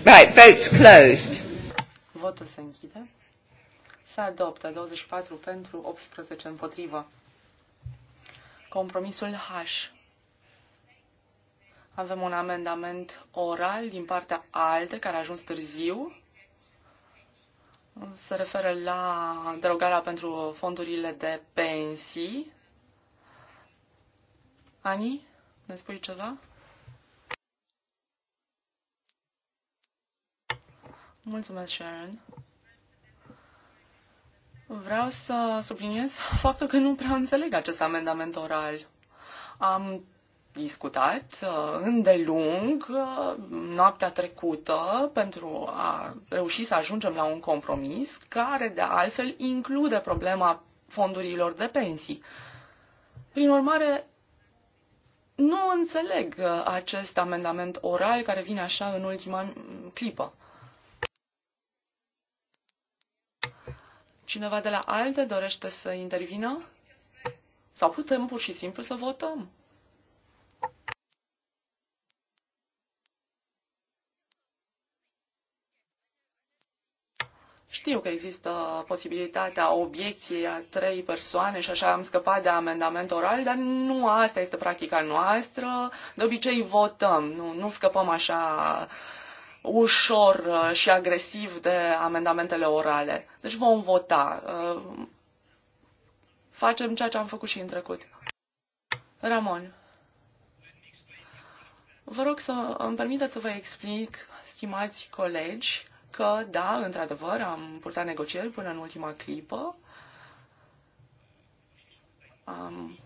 right, vote's closed. Votul se închide. Se adoptă 24 pentru, 18 împotrivă. Compromisul H. Avem un amendament oral din partea ALDE, care a ajuns târziu se referă la derogarea pentru fondurile de pensii. Ani, ne spui ceva? Mulțumesc, Sharon. Vreau să subliniez faptul că nu prea înțeleg acest amendament oral. Am discutat uh, îndelung uh, noaptea trecută pentru a reuși să ajungem la un compromis care, de altfel, include problema fondurilor de pensii. Prin urmare, nu înțeleg uh, acest amendament oral care vine așa în ultima clipă. Cineva de la alte dorește să intervină? Sau putem pur și simplu să votăm? Știu că există posibilitatea obiecției a trei persoane și așa am scăpat de amendament oral, dar nu asta este practica noastră. De obicei votăm, nu, nu scăpăm așa ușor uh, și agresiv de amendamentele orale. Deci vom vota. Uh, facem ceea ce am făcut și în trecut. Ramon, vă rog să îmi permiteți să vă explic, stimați colegi, că, da, într-adevăr, am purtat negocieri până în ultima clipă. Am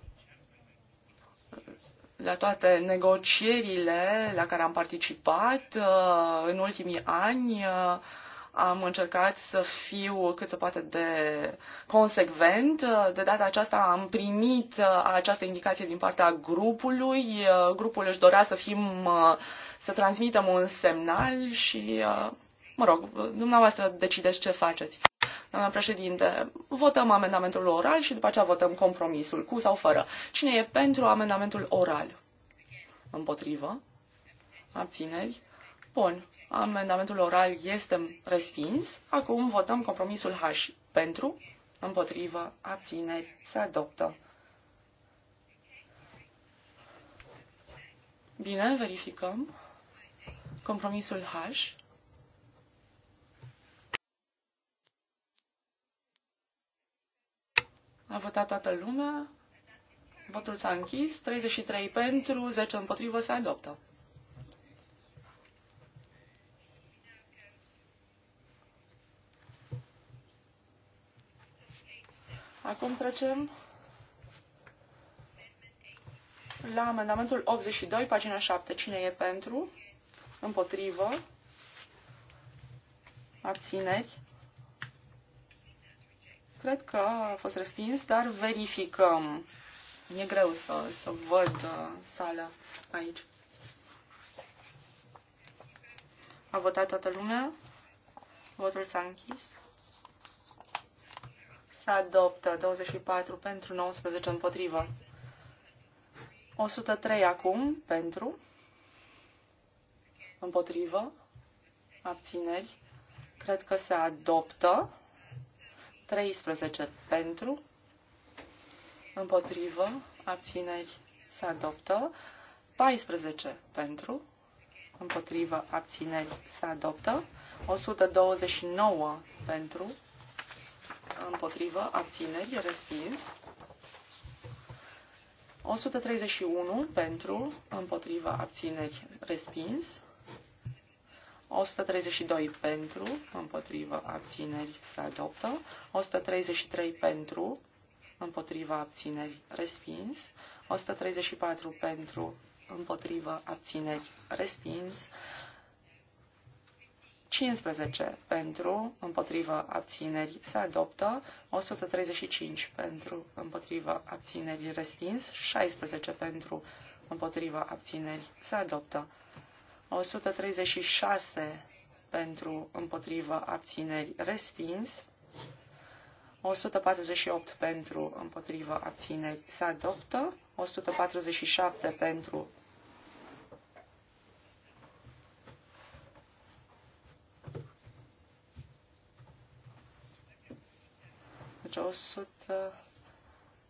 la toate negocierile la care am participat uh, în ultimii ani, uh, am încercat să fiu cât se poate de consecvent. Uh, de data aceasta am primit această indicație din partea grupului. Grupul își dorea să fim, să transmitem un semnal și Mă rog, dumneavoastră decideți ce faceți. Doamna președinte, votăm amendamentul oral și după aceea votăm compromisul, cu sau fără. Cine e pentru amendamentul oral? Împotrivă? Abțineri? Bun. Amendamentul oral este respins. Acum votăm compromisul H. Pentru? Împotrivă? Abțineri? Se adoptă. Bine, verificăm. Compromisul H. A votat toată lumea. Votul s-a închis. 33 pentru, 10 împotrivă se adoptă. Acum trecem la amendamentul 82, pagina 7. Cine e pentru? Împotrivă? Abțineri? Cred că a fost respins, dar verificăm. E greu să, să văd uh, sala aici. A votat toată lumea. Votul s-a închis. Se adoptă 24 pentru 19 împotrivă. 103 acum pentru împotrivă abțineri. Cred că se adoptă. 13 pentru, împotrivă, abțineri se adoptă, 14 pentru, împotrivă, abțineri se adoptă, 129 pentru, împotrivă, abțineri, respins, 131 pentru, împotrivă abțineri, respins. 132 pentru, împotriva abțineri se adoptă, 133 pentru, împotriva abțineri respins, 134 pentru, împotriva abțineri respins, 15 pentru, împotriva abțineri se adoptă, 135 pentru, împotriva abțineri respins, 16 pentru, împotriva abțineri se adoptă. 136 pentru împotrivă abțineri respins. 148 pentru împotrivă abțineri se adoptă. 147 pentru Deci 100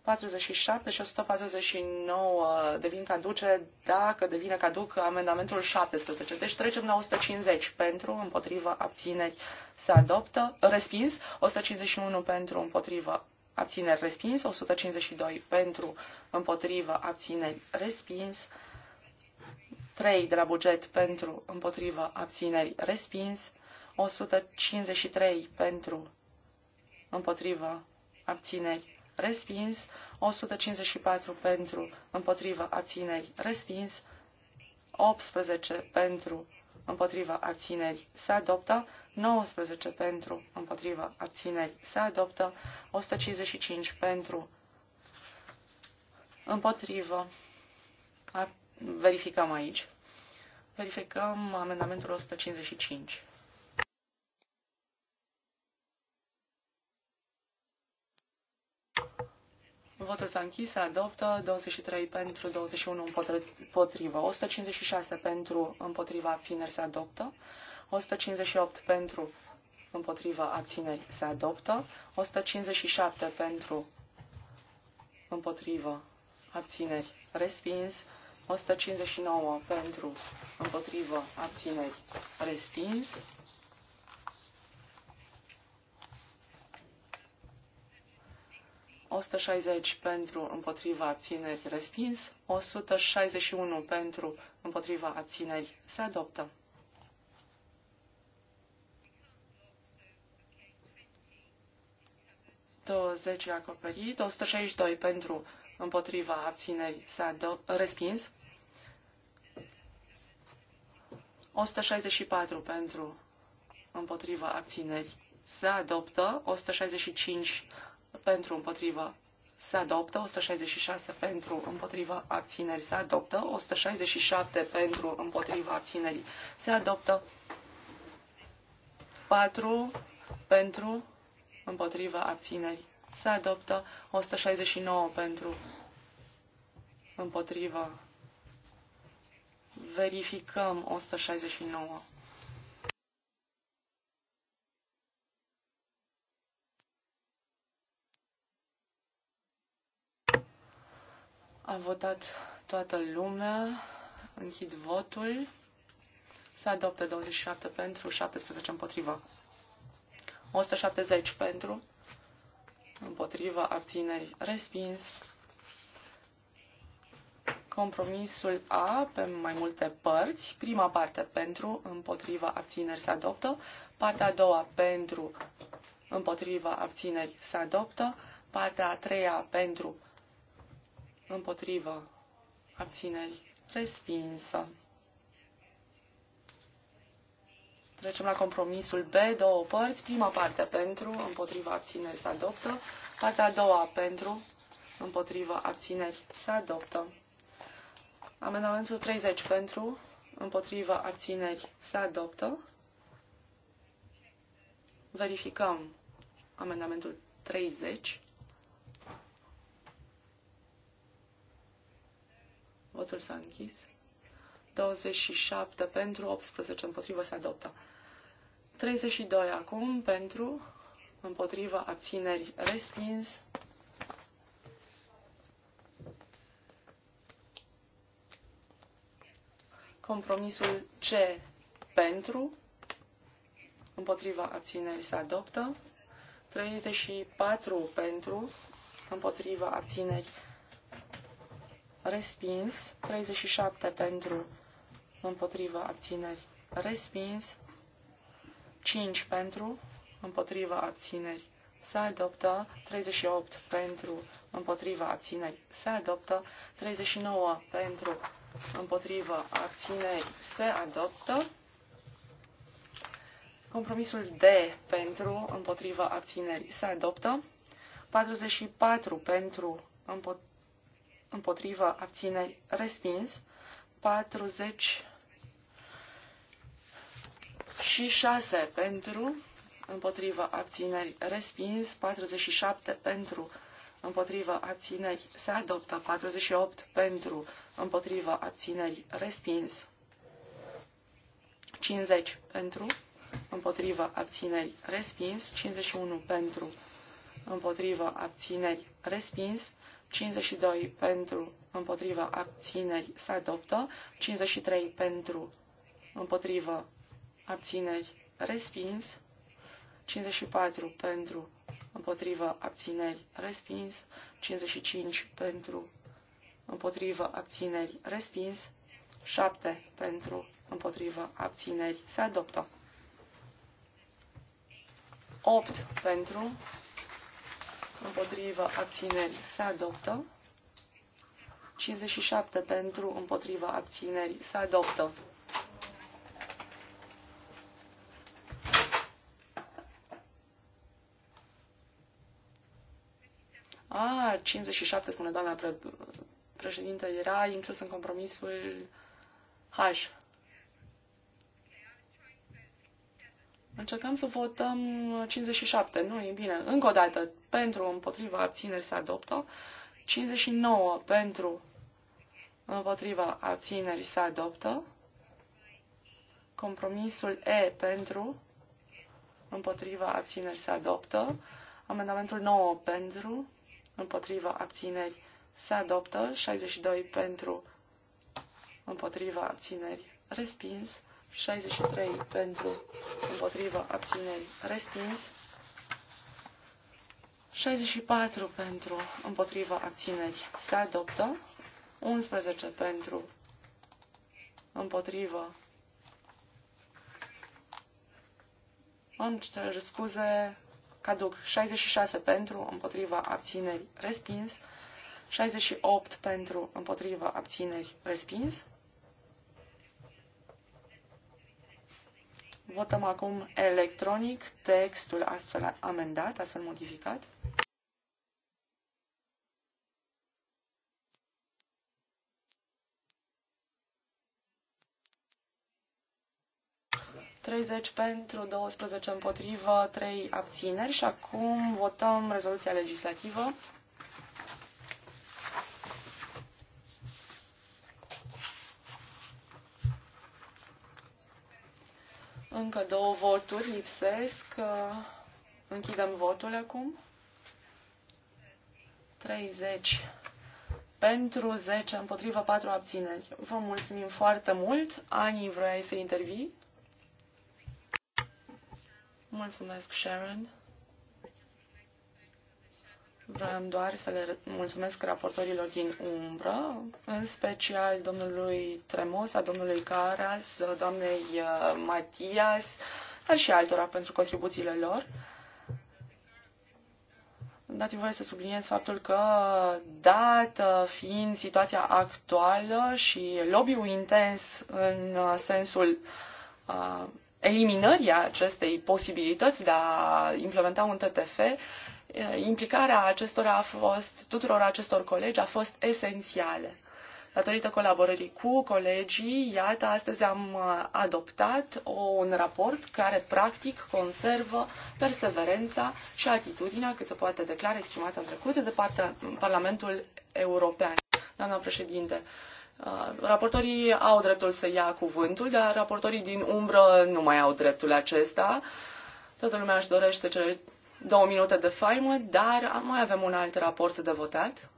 47 și 149 devin caduce dacă devine caduc amendamentul 17. Deci trecem la 150 pentru, împotrivă, abțineri, se adoptă, respins, 151 pentru, împotrivă, abțineri, respins, 152 pentru, împotrivă, abțineri, respins, 3 de la buget pentru, împotrivă, abțineri, respins, 153 pentru, împotrivă, abțineri, respins, 154 pentru, împotriva abțineri, respins, 18 pentru, împotriva abțineri, se adoptă, 19 pentru, împotriva abțineri, se adoptă, 155 pentru, împotrivă, verificăm aici, verificăm amendamentul 155. Votul s-a închis, se adoptă 23 pentru, 21 împotrivă, 156 pentru, împotriva abțineri se adoptă, 158 pentru, împotriva abțineri se adoptă, 157 pentru, împotrivă abțineri respins, 159 pentru, împotrivă abțineri respins, 160 pentru împotriva țineri respins, 161 pentru împotriva țineri se adoptă. Douăzeci acoperit, 162 pentru împotriva abțineri se adoptă, respins, 164 pentru împotriva abțineri se adoptă, 165 pentru împotrivă se adoptă, 166 pentru împotriva abținerii se adoptă, 167 pentru împotriva abținerii se adoptă, 4 pentru împotriva abținerii se adoptă, 169 pentru împotriva verificăm 169. A votat toată lumea. Închid votul. Se adoptă 27 pentru, 17 împotriva. 170 pentru, împotriva, abțineri, respins. Compromisul A pe mai multe părți. Prima parte pentru, împotriva, abțineri se adoptă. Partea a doua pentru, împotriva, abțineri se adoptă. Partea a treia pentru, împotrivă, abțineri, respinsă. Trecem la compromisul B, două părți. Prima parte pentru, împotriva abțineri se adoptă. Partea a doua pentru, împotriva abțineri se adoptă. Amendamentul 30 pentru, împotriva abțineri se adoptă. Verificăm amendamentul 30. Votul s-a închis. 27 pentru, 18 împotrivă se adoptă. 32 acum pentru, împotriva abțineri respins. Compromisul C pentru, împotriva abținerii se adoptă. 34 pentru, împotriva abținerii respins, 37 pentru împotriva abțineri respins, 5 pentru împotriva abțineri se adoptă, 38 pentru împotriva abțineri se adoptă, 39 pentru împotriva abțineri se adoptă, compromisul D pentru împotriva abțineri se adoptă, 44 pentru împotriva împotriva abțineri, respins. 40 și 6 pentru, împotriva abțineri, respins. 47 pentru, împotriva abțineri, se adoptă. 48 pentru, împotriva abțineri, respins. 50 pentru, împotriva abțineri, respins. 51 pentru, împotriva abțineri, respins. 52 pentru, împotriva, abțineri se adoptă, 53 pentru, împotriva, abțineri respins, 54 pentru, împotriva, abțineri respins, 55 pentru, împotriva, abțineri respins, 7 pentru, împotriva, abțineri se adoptă. 8 pentru, împotrivă, abțineri, se adoptă. 57 pentru, împotrivă, abțineri, se adoptă. A, 57, spune doamna președinte, era inclus în compromisul H. Încercăm să votăm 57. Nu, e bine. Încă o dată. Pentru, împotriva, abțineri se adoptă. 59 pentru, împotriva, abțineri se adoptă. Compromisul E pentru, împotriva, abțineri se adoptă. Amendamentul 9 pentru, împotriva, abțineri se adoptă. 62 pentru, împotriva, abțineri respins. 63 pentru, împotriva, abțineri, respins. 64 pentru, împotriva, abțineri, se adoptă. 11 pentru, împotriva. Îmi scuze, caduc. 66 pentru, împotriva, abțineri, respins. 68 pentru, împotriva, abțineri, respins. Votăm acum electronic textul astfel amendat, astfel modificat. Treizeci pentru, 12 împotrivă, 3 abțineri și acum votăm rezoluția legislativă. Încă două voturi lipsesc. Uh, închidem votul acum. 30 pentru 10 împotriva 4 abțineri. Vă mulțumim foarte mult. Ani, vrei să intervii? Mulțumesc, Sharon. Vreau doar să le mulțumesc raportorilor din umbră, în special domnului Tremosa, domnului Caras, doamnei uh, Matias, dar și altora pentru contribuțiile lor. Dați-mi voie să subliniez faptul că, dată fiind situația actuală și lobby-ul intens în uh, sensul uh, eliminării acestei posibilități de a implementa un TTF, Eh, implicarea acestora a fost, tuturor acestor colegi a fost esențială. Datorită colaborării cu colegii, iată, astăzi am eh, adoptat un raport care practic conservă perseverența și atitudinea cât se poate declara exprimată în trecut de partea, Parlamentul European. Doamna președinte, eh, raportorii au dreptul să ia cuvântul, dar raportorii din umbră nu mai au dreptul acesta. Toată lumea își dorește cele două minute de faimă, dar mai avem un alt raport de votat.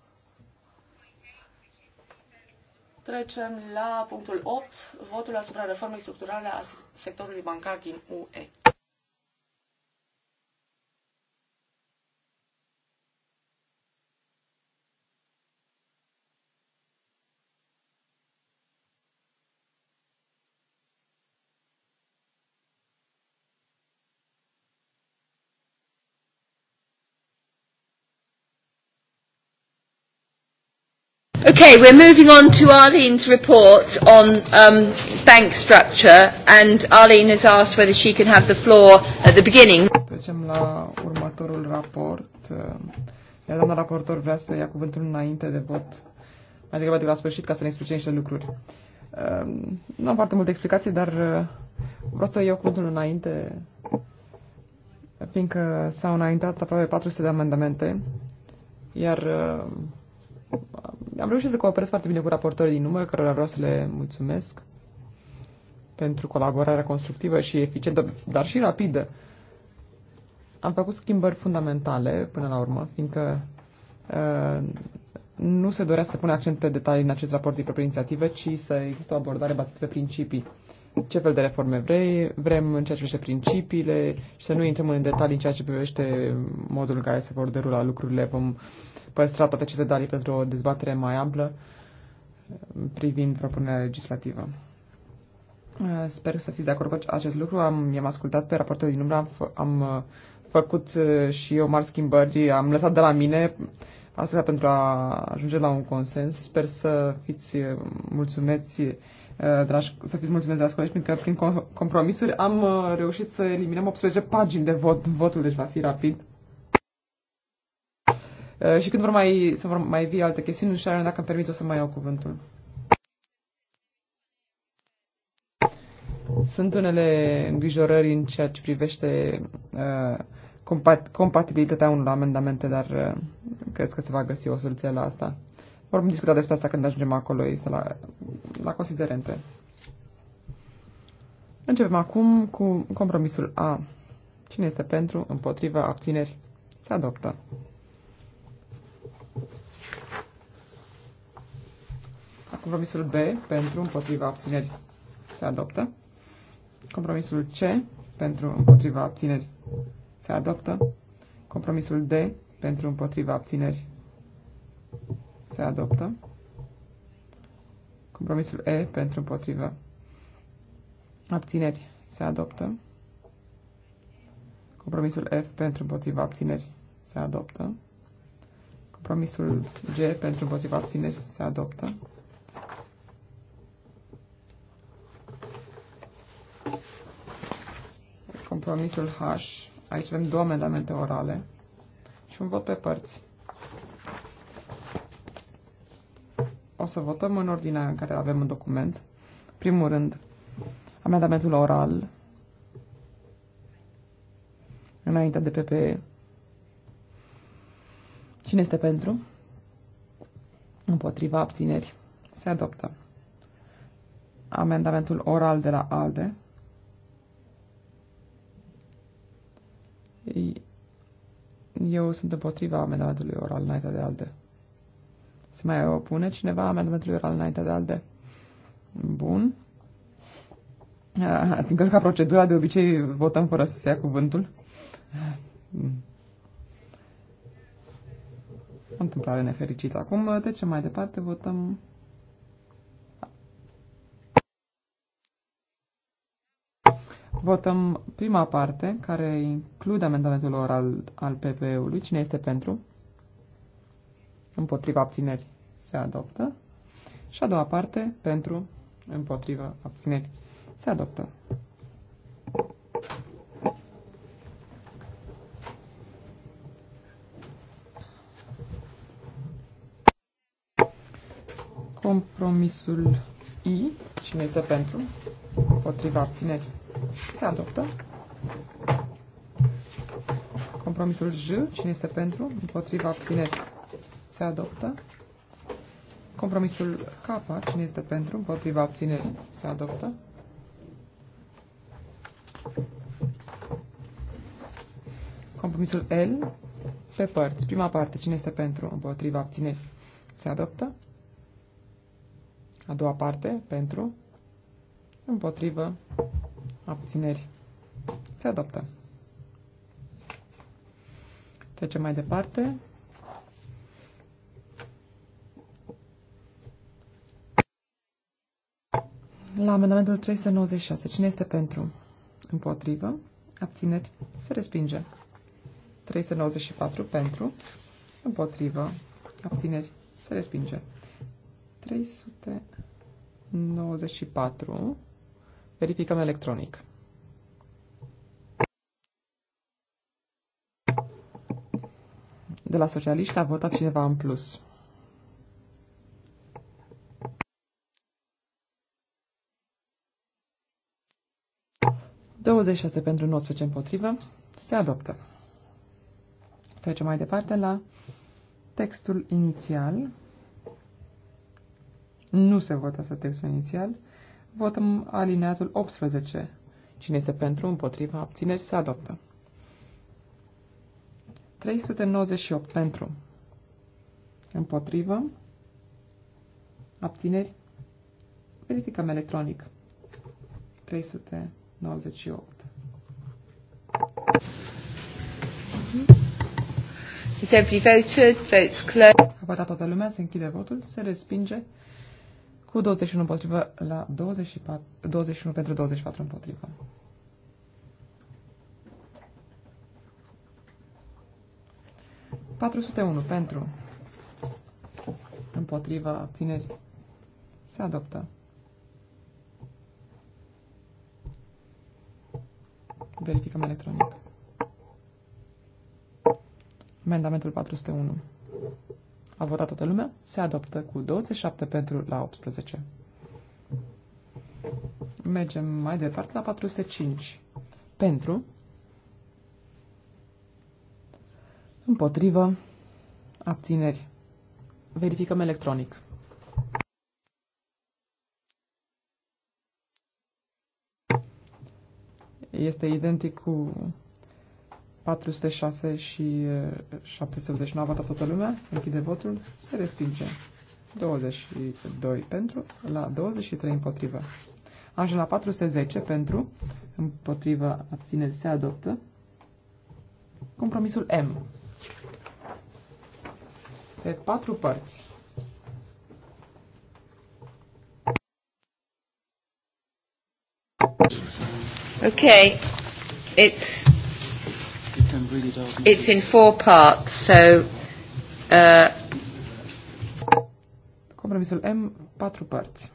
Trecem la punctul 8, votul asupra reformei structurale a sectorului bancar din UE. Okay, we're moving on to Arlene's report on um, bank structure, and Arlene has asked whether she can have the floor at the beginning. Trecem la următorul raport. Iar doamna raportor vrea să ia cuvântul înainte de vot, mai degrabă de la sfârșit, ca să ne explice niște lucruri. Ehm, nu am foarte multe explicații, dar uh, vreau să iau cuvântul înainte, fiindcă s-au înaintat aproape 400 de amendamente, iar uh, am reușit să cooperez foarte bine cu raportorii din număr, cărora vreau să le mulțumesc pentru colaborarea constructivă și eficientă, dar și rapidă. Am făcut schimbări fundamentale până la urmă, fiindcă uh, nu se dorea să pune accent pe detalii în acest raport din proprie inițiativă, ci să există o abordare bazată pe principii ce fel de reforme vrei, vrem în ceea ce privește principiile și să nu intrăm în detalii în ceea ce privește modul în care se vor derula lucrurile. Vom păstra toate aceste detalii pentru o dezbatere mai amplă privind propunerea legislativă. Sper să fiți de acord cu acest lucru. Am, i-am ascultat pe raportul din umbra, am, am uh, făcut uh, și eu mari schimbări, am lăsat de la mine asta pentru a ajunge la un consens. Sper să fiți uh, mulțumeți Eh, dragi, să fiți mulțumesc, dragi colegi, pentru că prin compromisuri am eh, reușit să eliminăm 18 pagini de vot. Votul deci va fi rapid. Eh, și când vor mai, să vor mai vii alte chestiuni, știu dacă îmi permit, o să mai iau cuvântul. Sunt unele îngrijorări în ceea ce privește uh, compatibilitatea unor amendamente, dar uh, cred că se va găsi o soluție la asta. Vom discuta despre asta când ajungem acolo, este la, la considerente. Începem acum cu compromisul A. Cine este pentru, împotriva, abțineri? Se adoptă. Compromisul B, pentru, împotriva, abțineri, se adoptă. Compromisul C, pentru, împotriva, abțineri, se adoptă. Compromisul D, pentru, împotriva, abțineri, se adoptă. Compromisul E pentru împotrivă. Abțineri. Se adoptă. Compromisul F pentru împotriva abțineri. Se adoptă. Compromisul G pentru împotriva abțineri. Se adoptă. Compromisul H. Aici avem două amendamente orale și un vot pe părți. O să votăm în ordinea în care avem un document. Primul rând, amendamentul oral înainte de PPE. Cine este pentru? Împotriva abțineri. Se adoptă. Amendamentul oral de la ALDE. Eu sunt împotriva amendamentului oral înainte de ALDE. Se mai opune cineva amendamentului oral înainte de alde? Bun. Ah, ați încălcat procedura, de obicei votăm fără să se ia cuvântul. O întâmplare nefericită. Acum trecem mai departe, votăm... Votăm prima parte, care include amendamentul oral al PPE-ului. Cine este pentru? împotriva abțineri se adoptă. Și a doua parte, pentru, împotriva abțineri se adoptă. Compromisul I, cine este pentru, împotriva abțineri se adoptă. Compromisul J, cine este pentru, împotriva abțineri se adoptă. Compromisul K, cine este pentru, împotriva abțineri, se adoptă. Compromisul L, pe părți. Prima parte, cine este pentru, împotriva abțineri, se adoptă. A doua parte, pentru, împotriva abțineri, se adoptă. Trecem mai departe. la amendamentul 396. Cine este pentru? Împotrivă. Abțineri. Se respinge. 394 pentru. Împotrivă. Abțineri. Se respinge. 394. Verificăm electronic. De la socialiști a votat cineva în plus. 26 pentru 19 împotrivă. Se adoptă. Trecem mai departe la textul inițial. Nu se votează textul inițial. Votăm alineatul 18. Cine este pentru, împotriva, abțineri, se adoptă. 398 pentru, împotrivă, abțineri, verificăm electronic. 300 98. Is everybody voted? Votes A votat toată lumea, se închide votul, se respinge cu 21 împotrivă la 24, 21 pentru 24 împotrivă. unu pentru împotriva abținerii se adoptă. Verificăm electronic. Amendamentul 401. A votat toată lumea? Se adoptă cu 27 pentru la 18. Mergem mai departe la 405. Pentru. Împotrivă. Abțineri. Verificăm electronic. este identic cu 406 și 789 eh, a votat toată lumea, se închide votul, se respinge. 22 pentru, la 23 împotrivă. Ajung la 410 pentru, împotrivă, abțineri, se adoptă. Compromisul M. Pe patru părți. Okay. It's it's in four parts, so uh, compromisul M patru părți.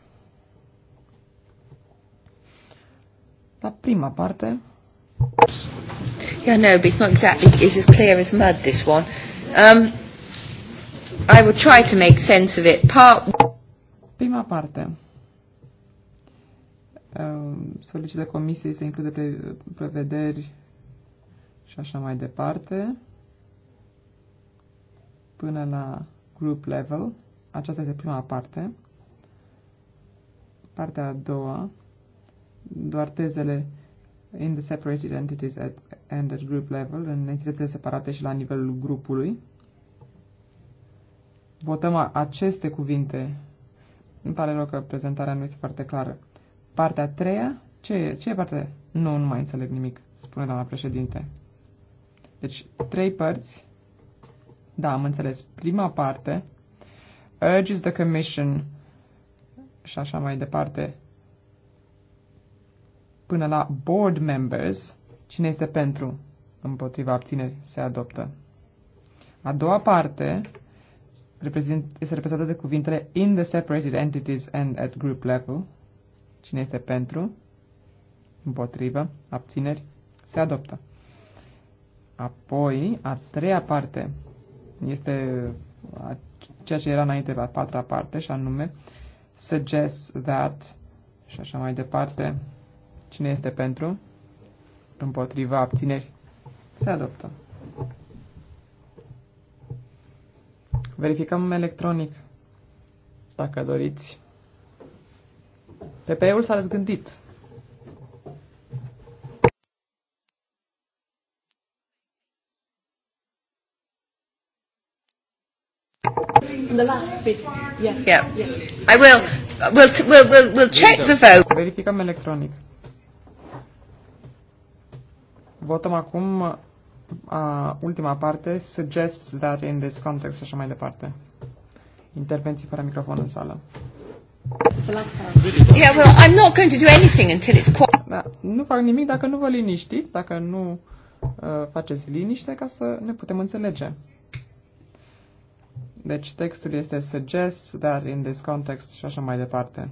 La prima parte Yeah, no, but it's not exactly it's as clear as mud this one. Um, I will try to make sense of it. Part Prima parte solicită comisiei să includă pre prevederi și așa mai departe, până la group level. Aceasta este prima parte. Partea a doua, doar tezele in the separated entities at, and at group level, în entitățile separate și la nivelul grupului. Votăm aceste cuvinte. Îmi pare rău că prezentarea nu este foarte clară. Partea a treia? Ce e, ce e partea treia? Nu, nu mai înțeleg nimic, spune doamna președinte. Deci, trei părți. Da, am înțeles. Prima parte urges the commission și așa mai departe până la board members. Cine este pentru? Împotriva abțineri se adoptă. A doua parte este reprezentată de cuvintele in the separated entities and at group level – Cine este pentru? Împotrivă. Abțineri. Se adoptă. Apoi, a treia parte este ceea ce era înainte la patra parte, și anume suggests that și așa mai departe. Cine este pentru? Împotriva abțineri. Se adoptă. Verificăm electronic, dacă doriți. PP-ul s-a răzgândit. Verificăm electronic. Votăm acum a, ultima parte, suggests that in this context așa mai departe. Intervenții fără microfon în sală. Yeah, well, I'm not going to do anything until it's quiet. Da, nu fac nimic dacă nu vă liniștiți, dacă nu uh, faceți liniște ca să ne putem înțelege. Deci textul este suggests that in this context și așa mai departe.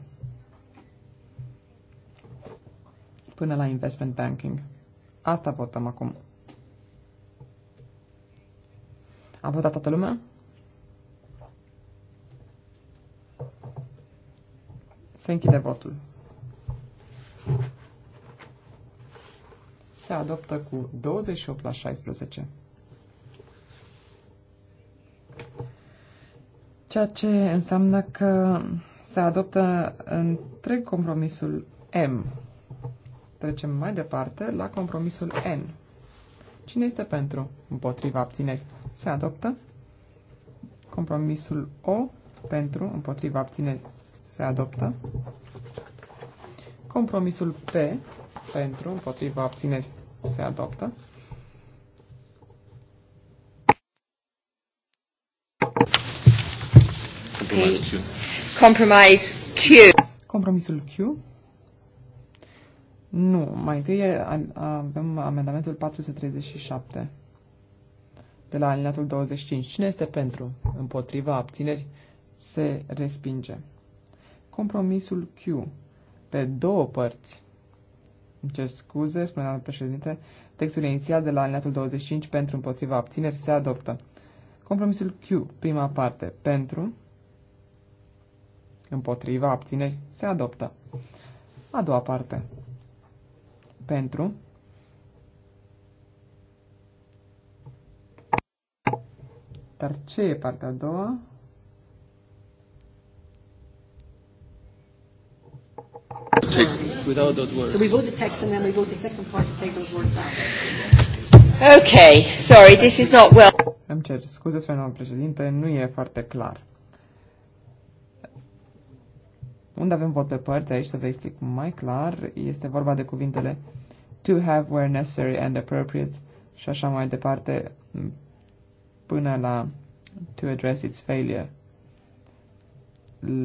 Până la investment banking. Asta votăm acum. A votat toată lumea? Se închide votul. Se adoptă cu 28 la 16. Ceea ce înseamnă că se adoptă întreg compromisul M. Trecem mai departe la compromisul N. Cine este pentru? Împotriva abțineri. Se adoptă. Compromisul O pentru, împotriva abțineri se adoptă. Compromisul P, pentru, împotriva abțineri, se adoptă. Compromise Q. Compromisul Q. Nu, mai întâi avem amendamentul 437 de la alineatul 25. Cine este pentru? Împotriva abțineri se respinge. Compromisul Q, pe două părți. Îmi cer scuze, spune doamna președinte, textul inițial de la alineatul 25 pentru împotriva abțineri se adoptă. Compromisul Q, prima parte, pentru împotriva abțineri se adoptă. A doua parte, pentru Dar ce e partea a doua? text. Without those words. So we vote the text and then we vote the second part to take those words out. Okay, sorry, this is not well. Îmi cer scuze, domnul președinte, nu e foarte clar. Unde avem vot pe părți, aici să vă explic mai clar, este vorba de cuvintele to have where necessary and appropriate și așa mai departe până la to address its failure.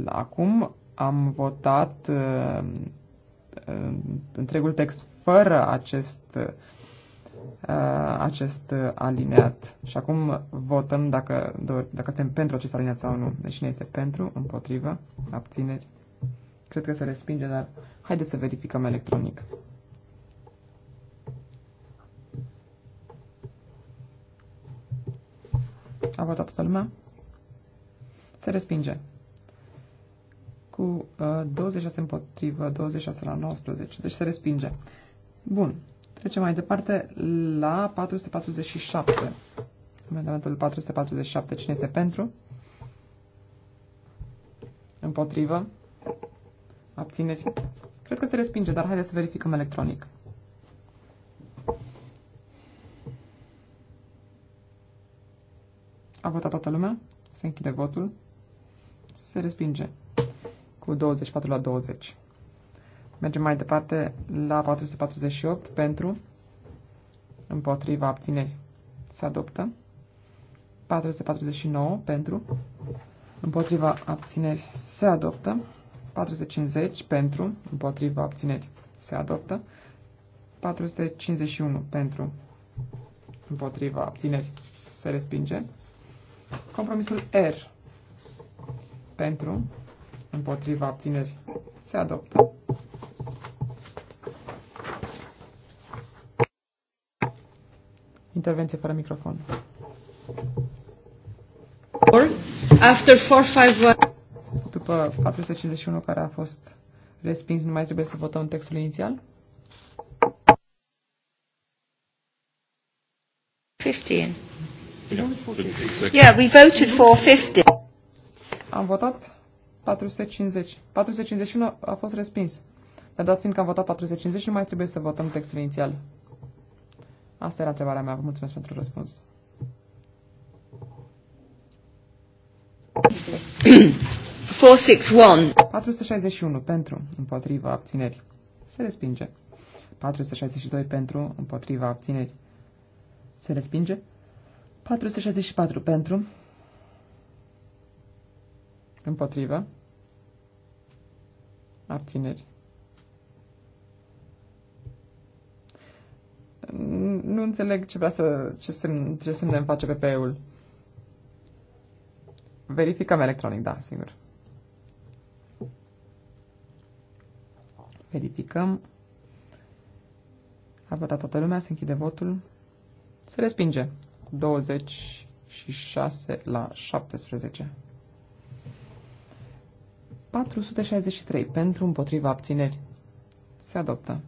Acum am votat uh, Uh, întregul text fără acest, uh, acest alineat. Și acum votăm dacă, dacă suntem pentru acest alineat sau nu. Deci cine este pentru, împotrivă, abțineri. Cred că se respinge, dar haideți să verificăm electronic. A votat toată lumea? Se respinge cu uh, 26 împotrivă, 26 la 19, deci se respinge. Bun, trecem mai departe la 447. Amendamentul 447, cine este pentru? Împotrivă? Abțineri? Cred că se respinge, dar haideți să verificăm electronic. A votat toată lumea? Se închide votul. Se respinge cu 24 la 20. Mergem mai departe la 448 pentru împotriva abțineri. Se adoptă. 449 pentru împotriva abțineri. Se adoptă. 450 pentru împotriva abțineri. Se adoptă. 451 pentru împotriva abțineri. Se respinge. Compromisul R pentru împotriva abținerii. se adoptă. Intervenție fără microfon. After 451. După 451 care a fost respins, nu mai trebuie să votăm textul inițial? 15. Yeah, we voted for 50. Am votat 450. 451 a fost respins. Dar dat fiind că am votat 450, nu mai trebuie să votăm textul inițial. Asta era întrebarea mea. Vă mulțumesc pentru răspuns. Four, six, 461 pentru, împotriva, abțineri. Se respinge. 462 pentru, împotriva, abțineri. Se respinge. 464 pentru, Împotrivă. Abțineri. Nu înțeleg ce vrea să, ce, semn, ce semn îmi face pe ul Verificăm electronic, da, sigur. Verificăm. A votat toată lumea, se închide votul. Se respinge. 26 la 17. 463 pentru împotriva abțineri. Se adoptă.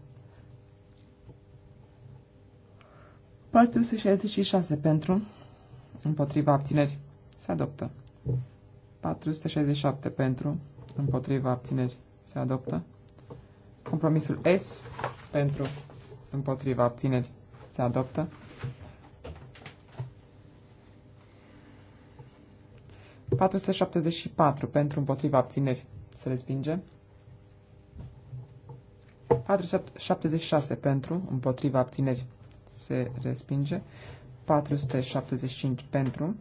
466 pentru împotriva abțineri. Se adoptă. 467 pentru împotriva abțineri. Se adoptă. Compromisul S pentru împotriva abțineri. Se adoptă. patru pentru împotriva abțineri se respinge. 476 pentru, împotriva abțineri se respinge. 475 pentru,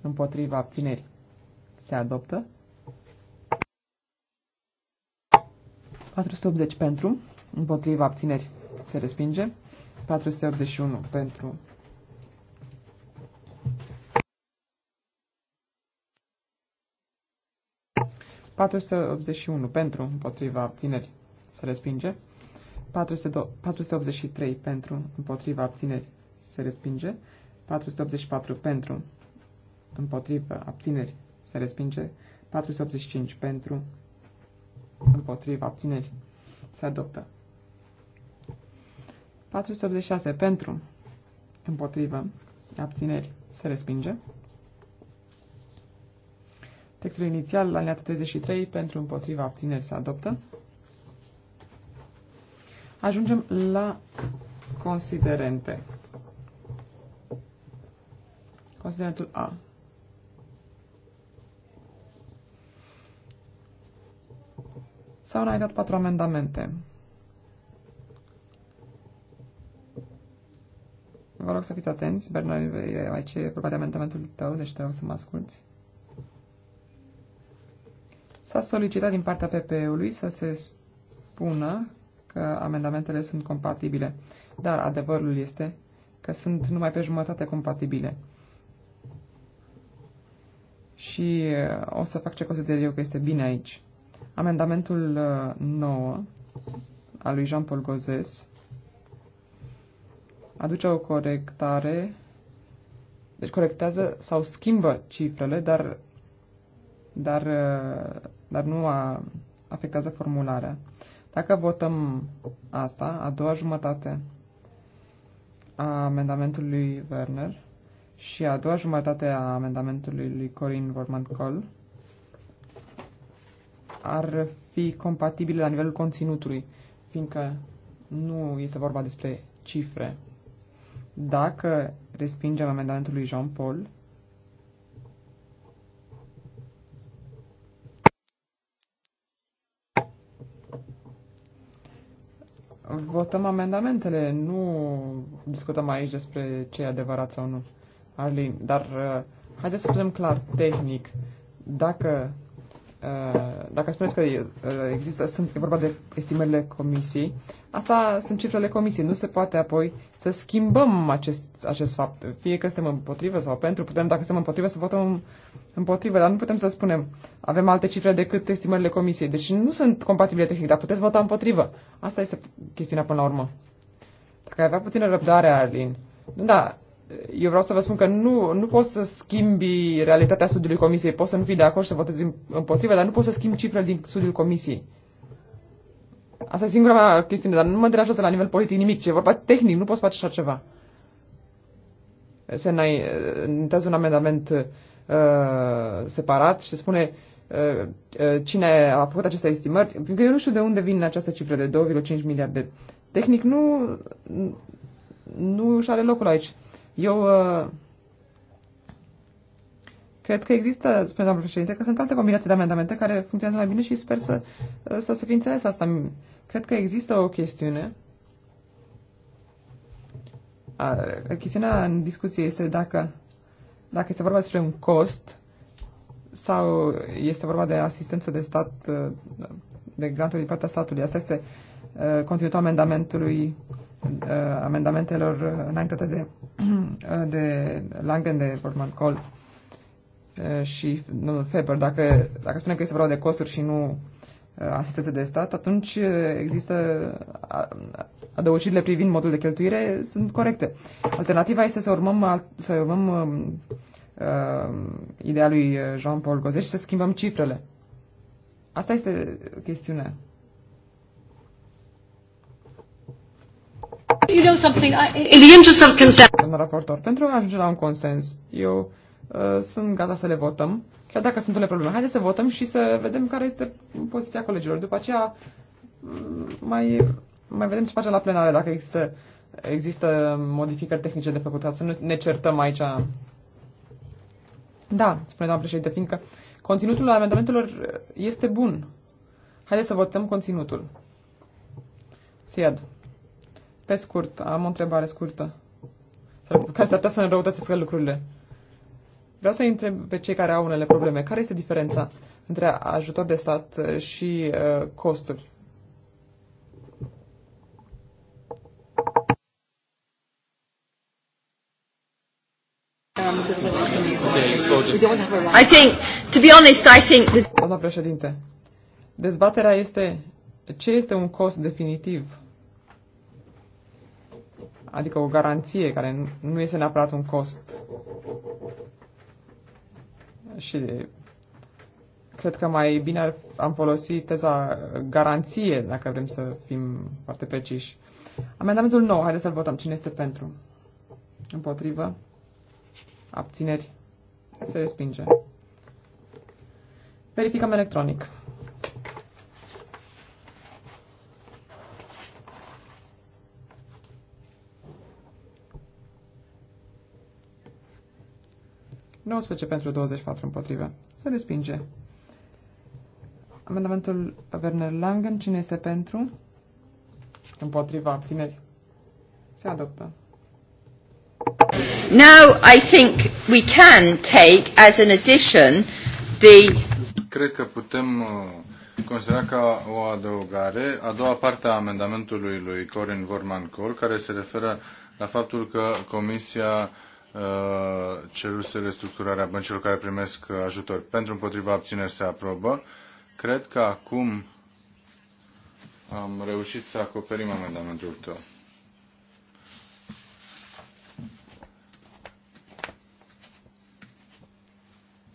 împotriva abțineri se adoptă. 480 pentru, împotriva abțineri se respinge. 481 pentru, 481 pentru, împotriva abțineri, se respinge. 483 pentru, împotriva abțineri, se respinge. 484 pentru, împotriva abțineri, se respinge. 485 pentru, împotriva abțineri, se adoptă. 486 pentru, împotriva abțineri, se respinge. Textul inițial, la linia 33, pentru împotriva abțineri se adoptă. Ajungem la considerente. Considerentul A. S-au înaintat patru amendamente. Vă rog să fiți atenți, Bernard, aici e vorba de amendamentul tău, deci te rog să mă asculți. S-a solicitat din partea PPE-ului să se spună că amendamentele sunt compatibile, dar adevărul este că sunt numai pe jumătate compatibile. Și uh, o să fac ce consider eu că este bine aici. Amendamentul 9 uh, al lui Jean-Paul Gozes aduce o corectare, deci corectează sau schimbă cifrele, dar, dar uh, dar nu a, afectează formularea. Dacă votăm asta, a doua jumătate a amendamentului Werner și a doua jumătate a amendamentului lui Corin Vorman Col ar fi compatibile la nivelul conținutului, fiindcă nu este vorba despre cifre. Dacă respingem amendamentul lui Jean-Paul, Votăm amendamentele, nu discutăm aici despre ce e adevărat sau nu. Arlin, dar uh, haideți să spunem clar tehnic. Dacă Eh, dacă spuneți că eh, există, sunt, e vorba de estimările comisiei, asta sunt cifrele comisiei. Nu se poate apoi să schimbăm acest, acest fapt. Fie că suntem împotrivă sau pentru, putem, dacă suntem împotrivă, să votăm împotrivă, dar nu putem să spunem avem alte cifre decât estimările comisiei. Deci nu sunt compatibile tehnic, dar puteți vota împotrivă. Asta este chestiunea până la urmă. Dacă ai avea puțină răbdare, Arlin. Da, eu vreau să vă spun că nu, nu poți să schimbi realitatea studiului comisiei. Poți să nu fii de acord și să votezi împotriva, dar nu poți să schimbi cifrele din studiul comisiei. Asta e singura mea chestiune, dar nu mă deranjează la nivel politic nimic, ce e vorba tehnic, nu poți face așa ceva. Se înaintează un amendament uh, separat și se spune uh, uh, cine a făcut aceste estimări, fiindcă eu nu știu de unde vin această cifră de 2,5 miliarde. Tehnic nu, nu și are locul aici. Eu uh, cred că există, spre doamnă președinte, că sunt alte combinații de amendamente care funcționează mai bine și sper să, uh, să se fi înțeles asta. Cred că există o chestiune. A, chestiunea în discuție este dacă, dacă este vorba despre un cost sau este vorba de asistență de stat, uh, de granturi din partea statului. Asta este uh, conținutul amendamentului, uh, amendamentelor înaintate de (clears throat) de Langen, de Portman Call și domnul Feber, dacă, dacă spunem că este vorba de costuri și nu asistență de stat, atunci există adăugirile privind modul de cheltuire sunt corecte. Alternativa este să urmăm, să urmăm uh, ideea lui Jean-Paul Gozet și să schimbăm cifrele. Asta este chestiunea. something, in the interest of consent. raportor, pentru a ajunge la un consens, eu uh, sunt gata să le votăm, chiar dacă sunt unele probleme. Haideți să votăm și să vedem care este poziția colegilor. După aceea mm, mai, mai vedem ce facem la plenare, dacă există, există modificări tehnice de făcut, să nu ne certăm aici. Da, spune doamna președinte, fiindcă conținutul amendamentelor este bun. Haideți să votăm conținutul. Siad. Pe scurt, am o întrebare scurtă. Care s-ar putea să înrăutățească lucrurile. Vreau să întreb pe cei care au unele probleme. Care este diferența între ajutor de stat și uh, costuri? I think, to be honest, I think that... Doamna președinte, dezbaterea este ce este un cost definitiv adică o garanție care nu este neapărat un cost. Și cred că mai bine ar, am folosit teza garanție, dacă vrem să fim foarte preciși. Amendamentul nou, haideți să-l votăm. Cine este pentru? Împotrivă? Abțineri? Se respinge. Verificăm electronic. 19 pentru 24 împotrivă. Se respinge. Amendamentul Werner Langen. Cine este pentru? Împotriva abțineri. Se adoptă. Now I think we can take as an addition the Cred că putem uh, considera ca o adăugare a doua parte a amendamentului lui Corin Vorman cole care se referă la faptul că Comisia uh, Uh, ceruse restructurarea băncilor care primesc uh, ajutor. Pentru împotriva abțineri se aprobă. Cred că acum am reușit să acoperim amendamentul tău.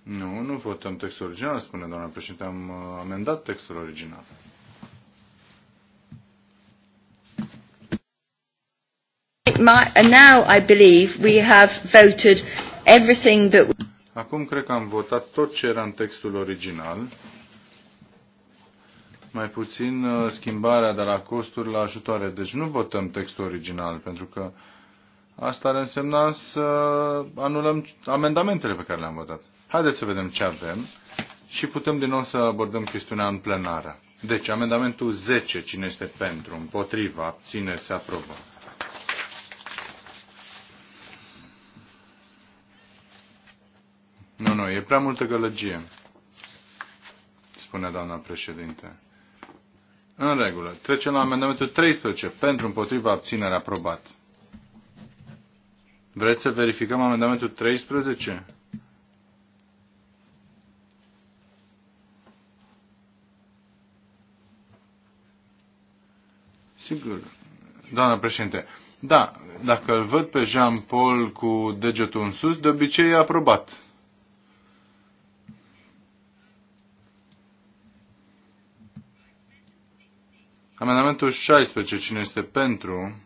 Nu, nu votăm textul original, spune doamna președinte. Am uh, amendat textul original. my, and now I believe we have voted everything that... Acum cred că am votat tot ce era în textul original, mai puțin uh, schimbarea de la costuri la ajutoare. Deci nu votăm textul original, pentru că asta ar însemna să anulăm amendamentele pe care le-am votat. Haideți să vedem ce avem și putem din nou să abordăm chestiunea în plenară. Deci, amendamentul 10, cine este pentru, împotriva, abțineri, se aprobă. Nu, nu, e prea multă gălăgie, spune doamna președinte. În regulă. Trecem la amendamentul 13. Pentru, împotriva, abținere, aprobat. Vreți să verificăm amendamentul 13? Sigur. Doamna președinte, da, dacă îl văd pe Jean-Paul cu degetul în sus, de obicei e aprobat. Amendamentul 16. Cine este pentru?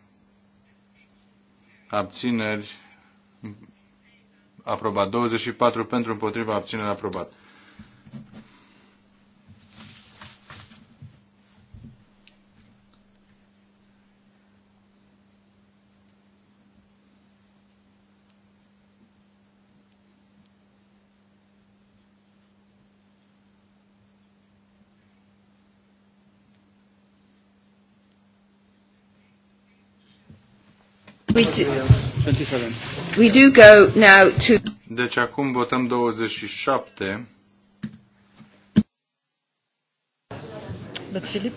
Abțineri. Aprobat. 24 pentru, împotriva, abținere, aprobat. We do, we do go now to... Deci acum votăm 27. But Philip?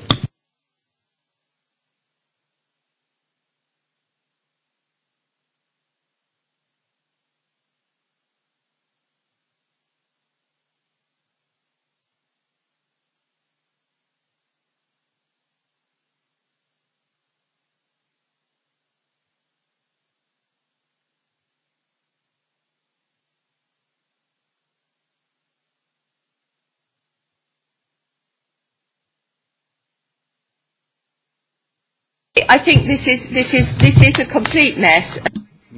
think this is, this is, this is a complete mess.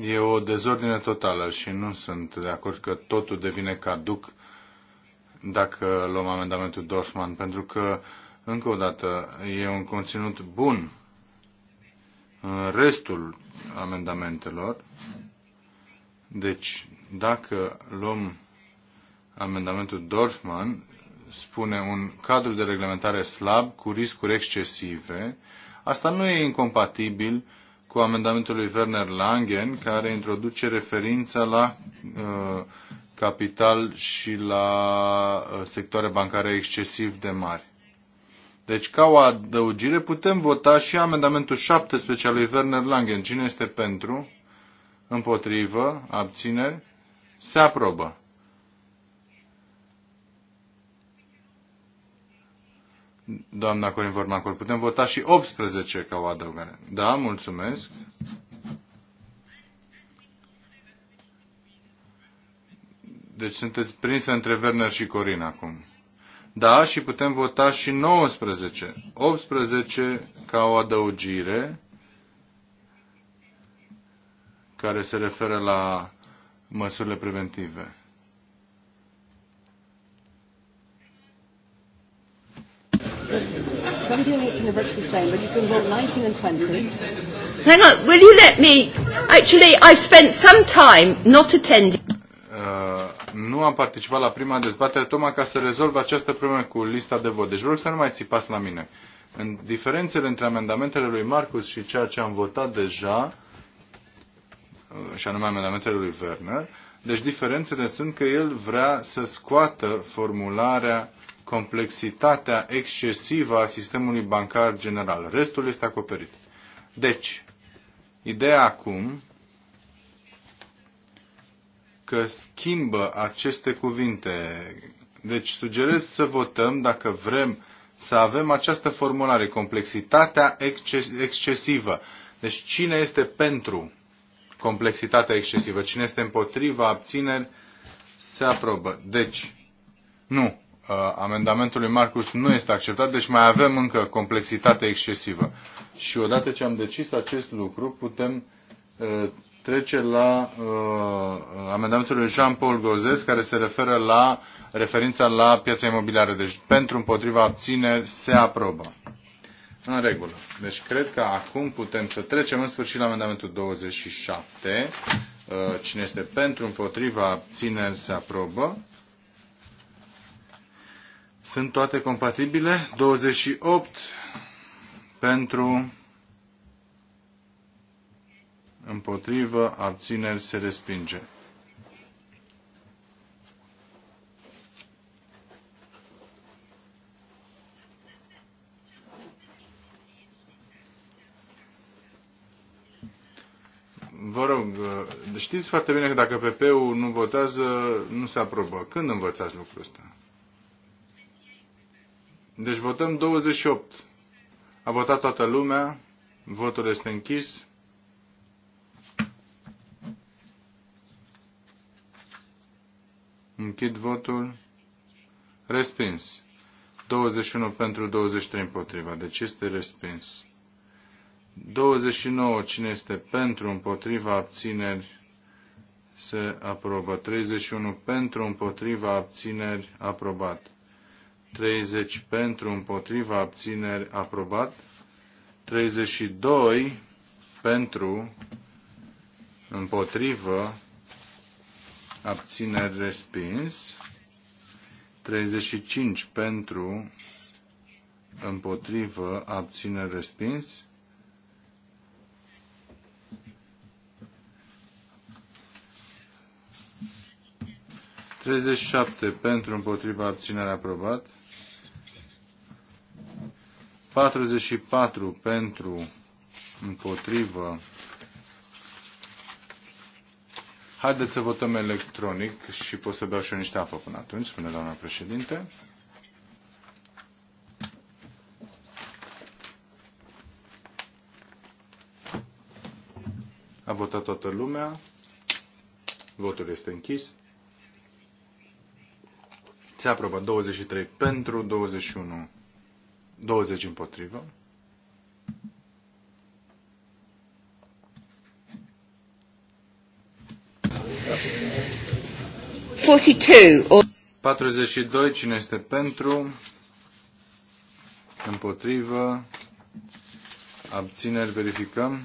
E o dezordine totală și nu sunt de acord că totul devine caduc dacă luăm amendamentul Dorfman, pentru că, încă o dată, e un conținut bun în restul amendamentelor. Deci, dacă luăm amendamentul Dorfman, spune un cadru de reglementare slab cu riscuri excesive Asta nu e incompatibil cu amendamentul lui Werner Langen, care introduce referința la uh, capital și la uh, sectoare bancare excesiv de mari. Deci, ca o adăugire, putem vota și amendamentul 17 al lui Werner Langen. Cine este pentru? Împotrivă? Abțineri? Se aprobă. doamna Corin Vormacol. Putem vota și 18 ca o adăugare. Da, mulțumesc. Deci sunteți prinsă între Werner și Corin acum. Da, și putem vota și 19. 18 ca o adăugire care se referă la măsurile preventive. 17 and 18 are virtually the same, but you can vote 19 and 20. Hang on, will you let me? Actually, I've spent some time not attending. Uh, nu am participat la prima dezbatere tocmai ca să rezolv această problemă cu lista de vot. Deci vreau să nu mai țipați la mine. În diferențele între amendamentele lui Marcus și ceea ce am votat deja, uh, și anume amendamentele lui Werner, deci diferențele sunt că el vrea să scoată formularea complexitatea excesivă a sistemului bancar general. Restul este acoperit. Deci, ideea acum că schimbă aceste cuvinte. Deci sugerez să votăm dacă vrem să avem această formulare, complexitatea excesivă. Deci cine este pentru complexitatea excesivă? Cine este împotriva abțineri? Se aprobă. Deci, nu. Uh, amendamentului Marcus nu este acceptat, deci mai avem încă complexitate excesivă. Și odată ce am decis acest lucru, putem uh, trece la uh, amendamentul lui Jean-Paul Gozes, care se referă la referința la piața imobiliară. Deci pentru împotriva abține se aprobă. În regulă. Deci cred că acum putem să trecem în sfârșit la amendamentul 27. Cine este pentru, împotriva, abține se aprobă. Sunt toate compatibile. 28 pentru împotrivă, abțineri, se respinge. Vă rog, știți foarte bine că dacă PP-ul nu votează, nu se aprobă. Când învățați lucrul ăsta? Deci votăm 28. A votat toată lumea. Votul este închis. Închid votul. Respins. 21 pentru 23 împotriva. Deci este respins. 29. Cine este pentru împotriva abțineri se aprobă. 31 pentru împotriva abțineri aprobat. 30 pentru, împotriva, abțineri, aprobat. 32 pentru, împotrivă, abțineri, respins. 35 pentru, împotrivă, abțineri, respins. 37 pentru împotriva abținerea aprobat. 44 pentru, împotrivă. Haideți să votăm electronic și pot să beau și eu niște apă până atunci, spune doamna președinte. A votat toată lumea. Votul este închis. Se aprobă 23 pentru 21 20 împotrivă. Or... 42. Cine este pentru? Împotrivă? Abțineri? Verificăm.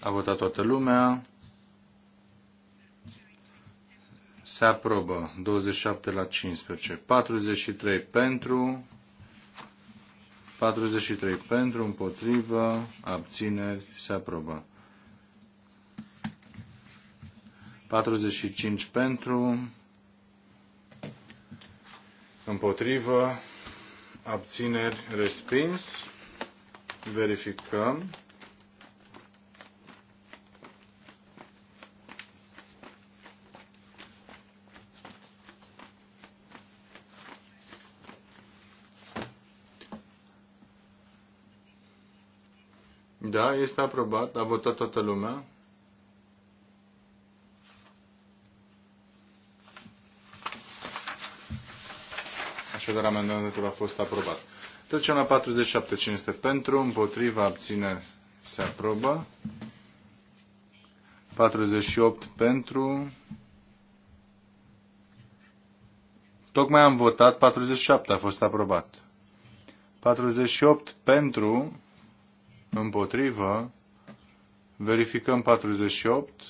A votat toată lumea. Se aprobă 27 la 15. 43 pentru. 43 pentru, împotrivă, abțineri, se aprobă. 45 pentru, împotrivă, abțineri, respins. Verificăm. Da, este aprobat. A votat toată lumea. Așadar, amendamentul a fost aprobat. Trecem la 47. Cine este pentru? Împotriva? Abțineri? Se aprobă. 48 pentru. Tocmai am votat. 47 a fost aprobat. 48 pentru împotrivă, verificăm 48,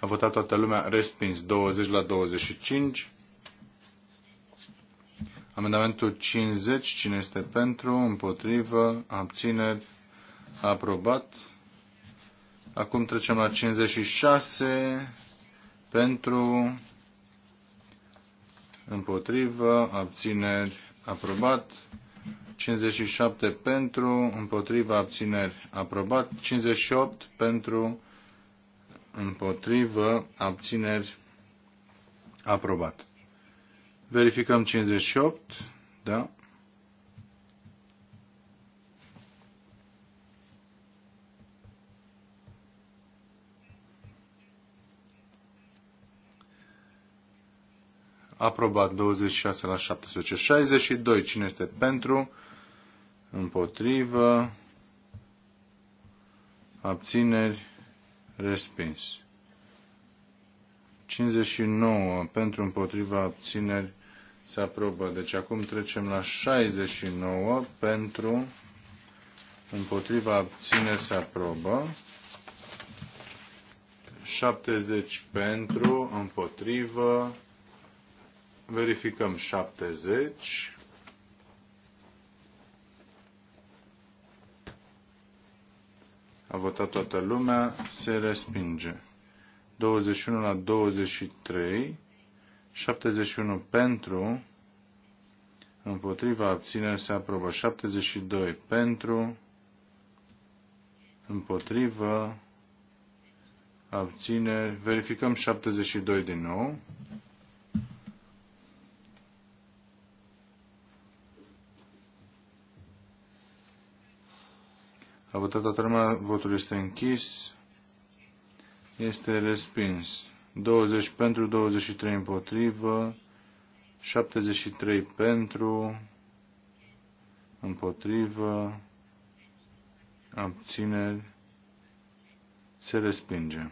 A votat toată lumea, respins 20 la 25. Amendamentul 50, cine este pentru, împotrivă, abțineri, aprobat. Acum trecem la 56, pentru, împotrivă, abțineri, aprobat. 57 pentru, împotriva abțineri, aprobat. 58 pentru, împotrivă, abțineri, aprobat. Verificăm 58, da? aprobat 26 la 17. 62. Cine este pentru? Împotrivă. Abțineri. Respins. 59. Pentru împotriva abțineri se aprobă. Deci acum trecem la 69. Pentru împotriva abțineri se aprobă. 70 pentru, împotrivă, Verificăm 70. A votat toată lumea, se respinge. 21 la 23, 71 pentru, împotriva abțineri se aprobă. 72 pentru, împotrivă, abțineri. Verificăm 72 din nou. A votat toată lumea, votul este închis. Este respins. 20 pentru, 23 împotrivă, 73 pentru, împotrivă, abțineri, se respinge.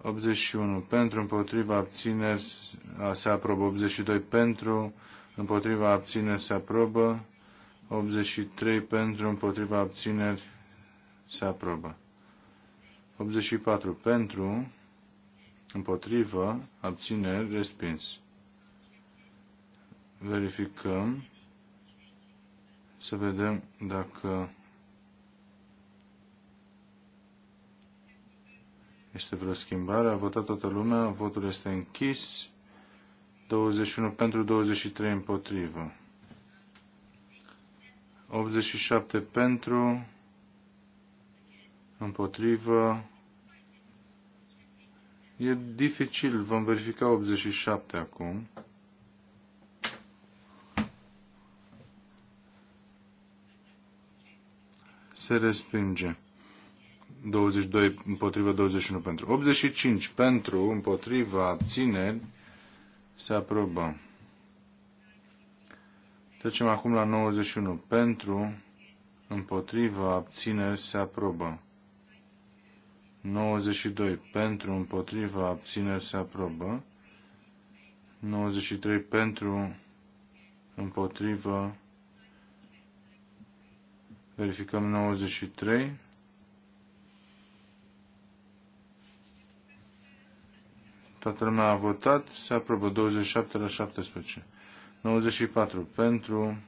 81 pentru, împotriva abțineri se aprobă. 82 pentru, împotriva abțineri se aprobă. 83 pentru, împotriva abțineri se aprobă. 84 pentru, împotrivă, abțineri, respins. Verificăm să vedem dacă este vreo schimbare. A votat toată lumea, votul este închis. 21 pentru, 23 împotrivă. 87 pentru, împotrivă. E dificil, vom verifica 87 acum. Se respinge. 22 împotrivă, 21 pentru. 85 pentru, împotrivă, abțineri, se aprobă. Trecem acum la 91. Pentru, împotrivă, abțineri, se aprobă. 92. Pentru, împotrivă, abțineri, se aprobă. 93. Pentru, împotrivă, verificăm 93. Toată lumea a votat, se aprobă 27 la 17. 94 pentru,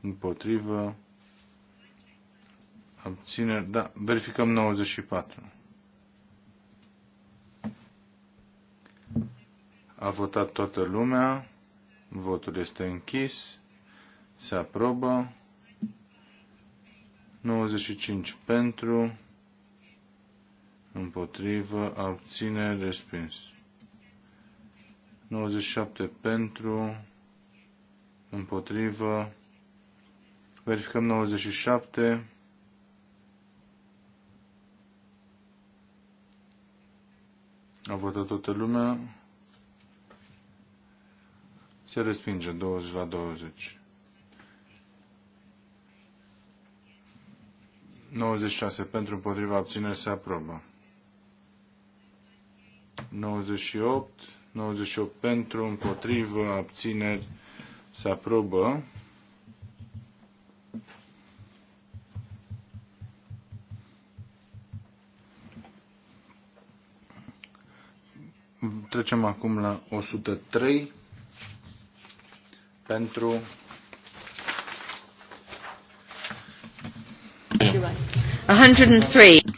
împotrivă, abțineri, da, verificăm 94. A votat toată lumea, votul este închis, se aprobă, 95 pentru, împotrivă, abține, respins. 97 pentru, împotrivă. Verificăm 97. A votat toată lumea. Se respinge 20 la 20. 96 pentru împotriva abținere se aprobă. 98, 98 pentru împotrivă abțineri se aprobă. Trecem acum la 103 pentru right.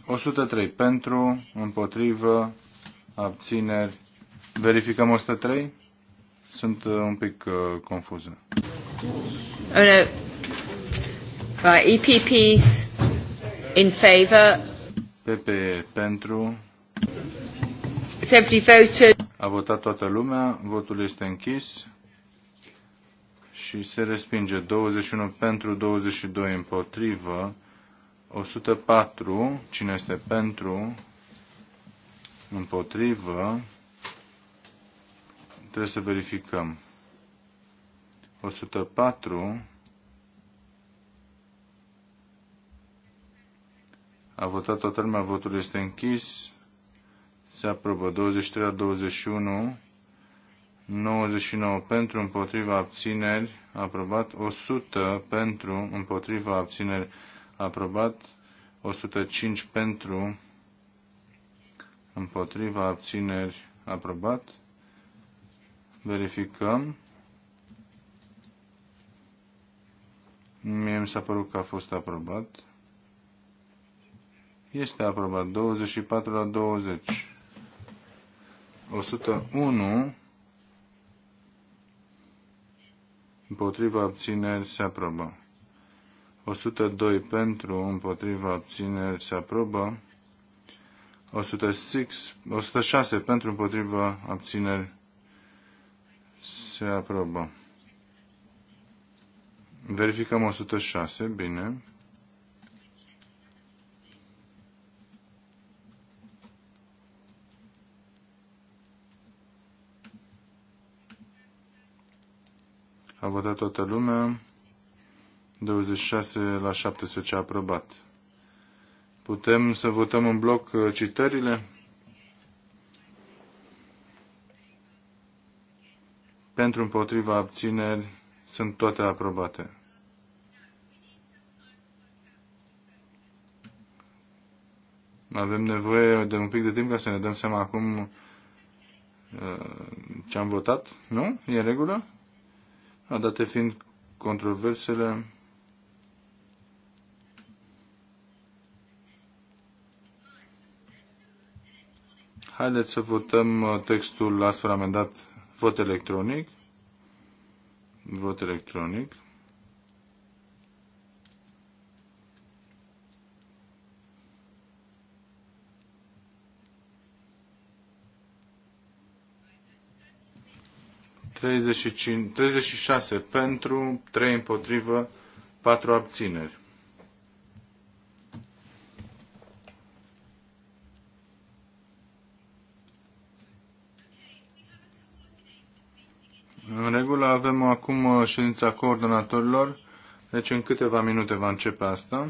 103 pentru, împotrivă, abțineri. Verificăm 103. Sunt uh, un pic uh, confuză. Oh, no. Right, EPP's in favor. PP pentru. Simply voted. A votat toată lumea, votul este închis și se respinge 21 pentru, 22 împotrivă, 104, cine este pentru, împotrivă, Trebuie să verificăm. 104. A votat toată lumea, votul este închis. Se aprobă 23 la 21. 99 pentru, împotriva abțineri, aprobat. 100 pentru, împotriva abțineri, aprobat. 105 pentru, împotriva abțineri, aprobat. Verificăm. Mie mi s-a părut că a fost aprobat. Este aprobat. 24 la 20. 101 împotriva abțineri se aprobă. 102 pentru împotriva abțineri se aprobă. 106, 106 pentru împotriva abțineri se aprobă. Verificăm 106, bine. A votat toată lumea. 26 la 7 17 aprobat. Putem să votăm în bloc uh, citările? pentru, împotriva, abțineri, sunt toate aprobate. Avem nevoie de un pic de timp ca să ne dăm seama acum uh, ce am votat, nu? E în regulă? A date fiind controversele. Haideți să votăm uh, textul astfel amendat Vot electronic. Vot electronic. Treizeci și treizeci și șase pentru, trei împotrivă, patru abțineri. procedura. Avem acum uh, ședința coordonatorilor, deci în câteva minute va începe asta.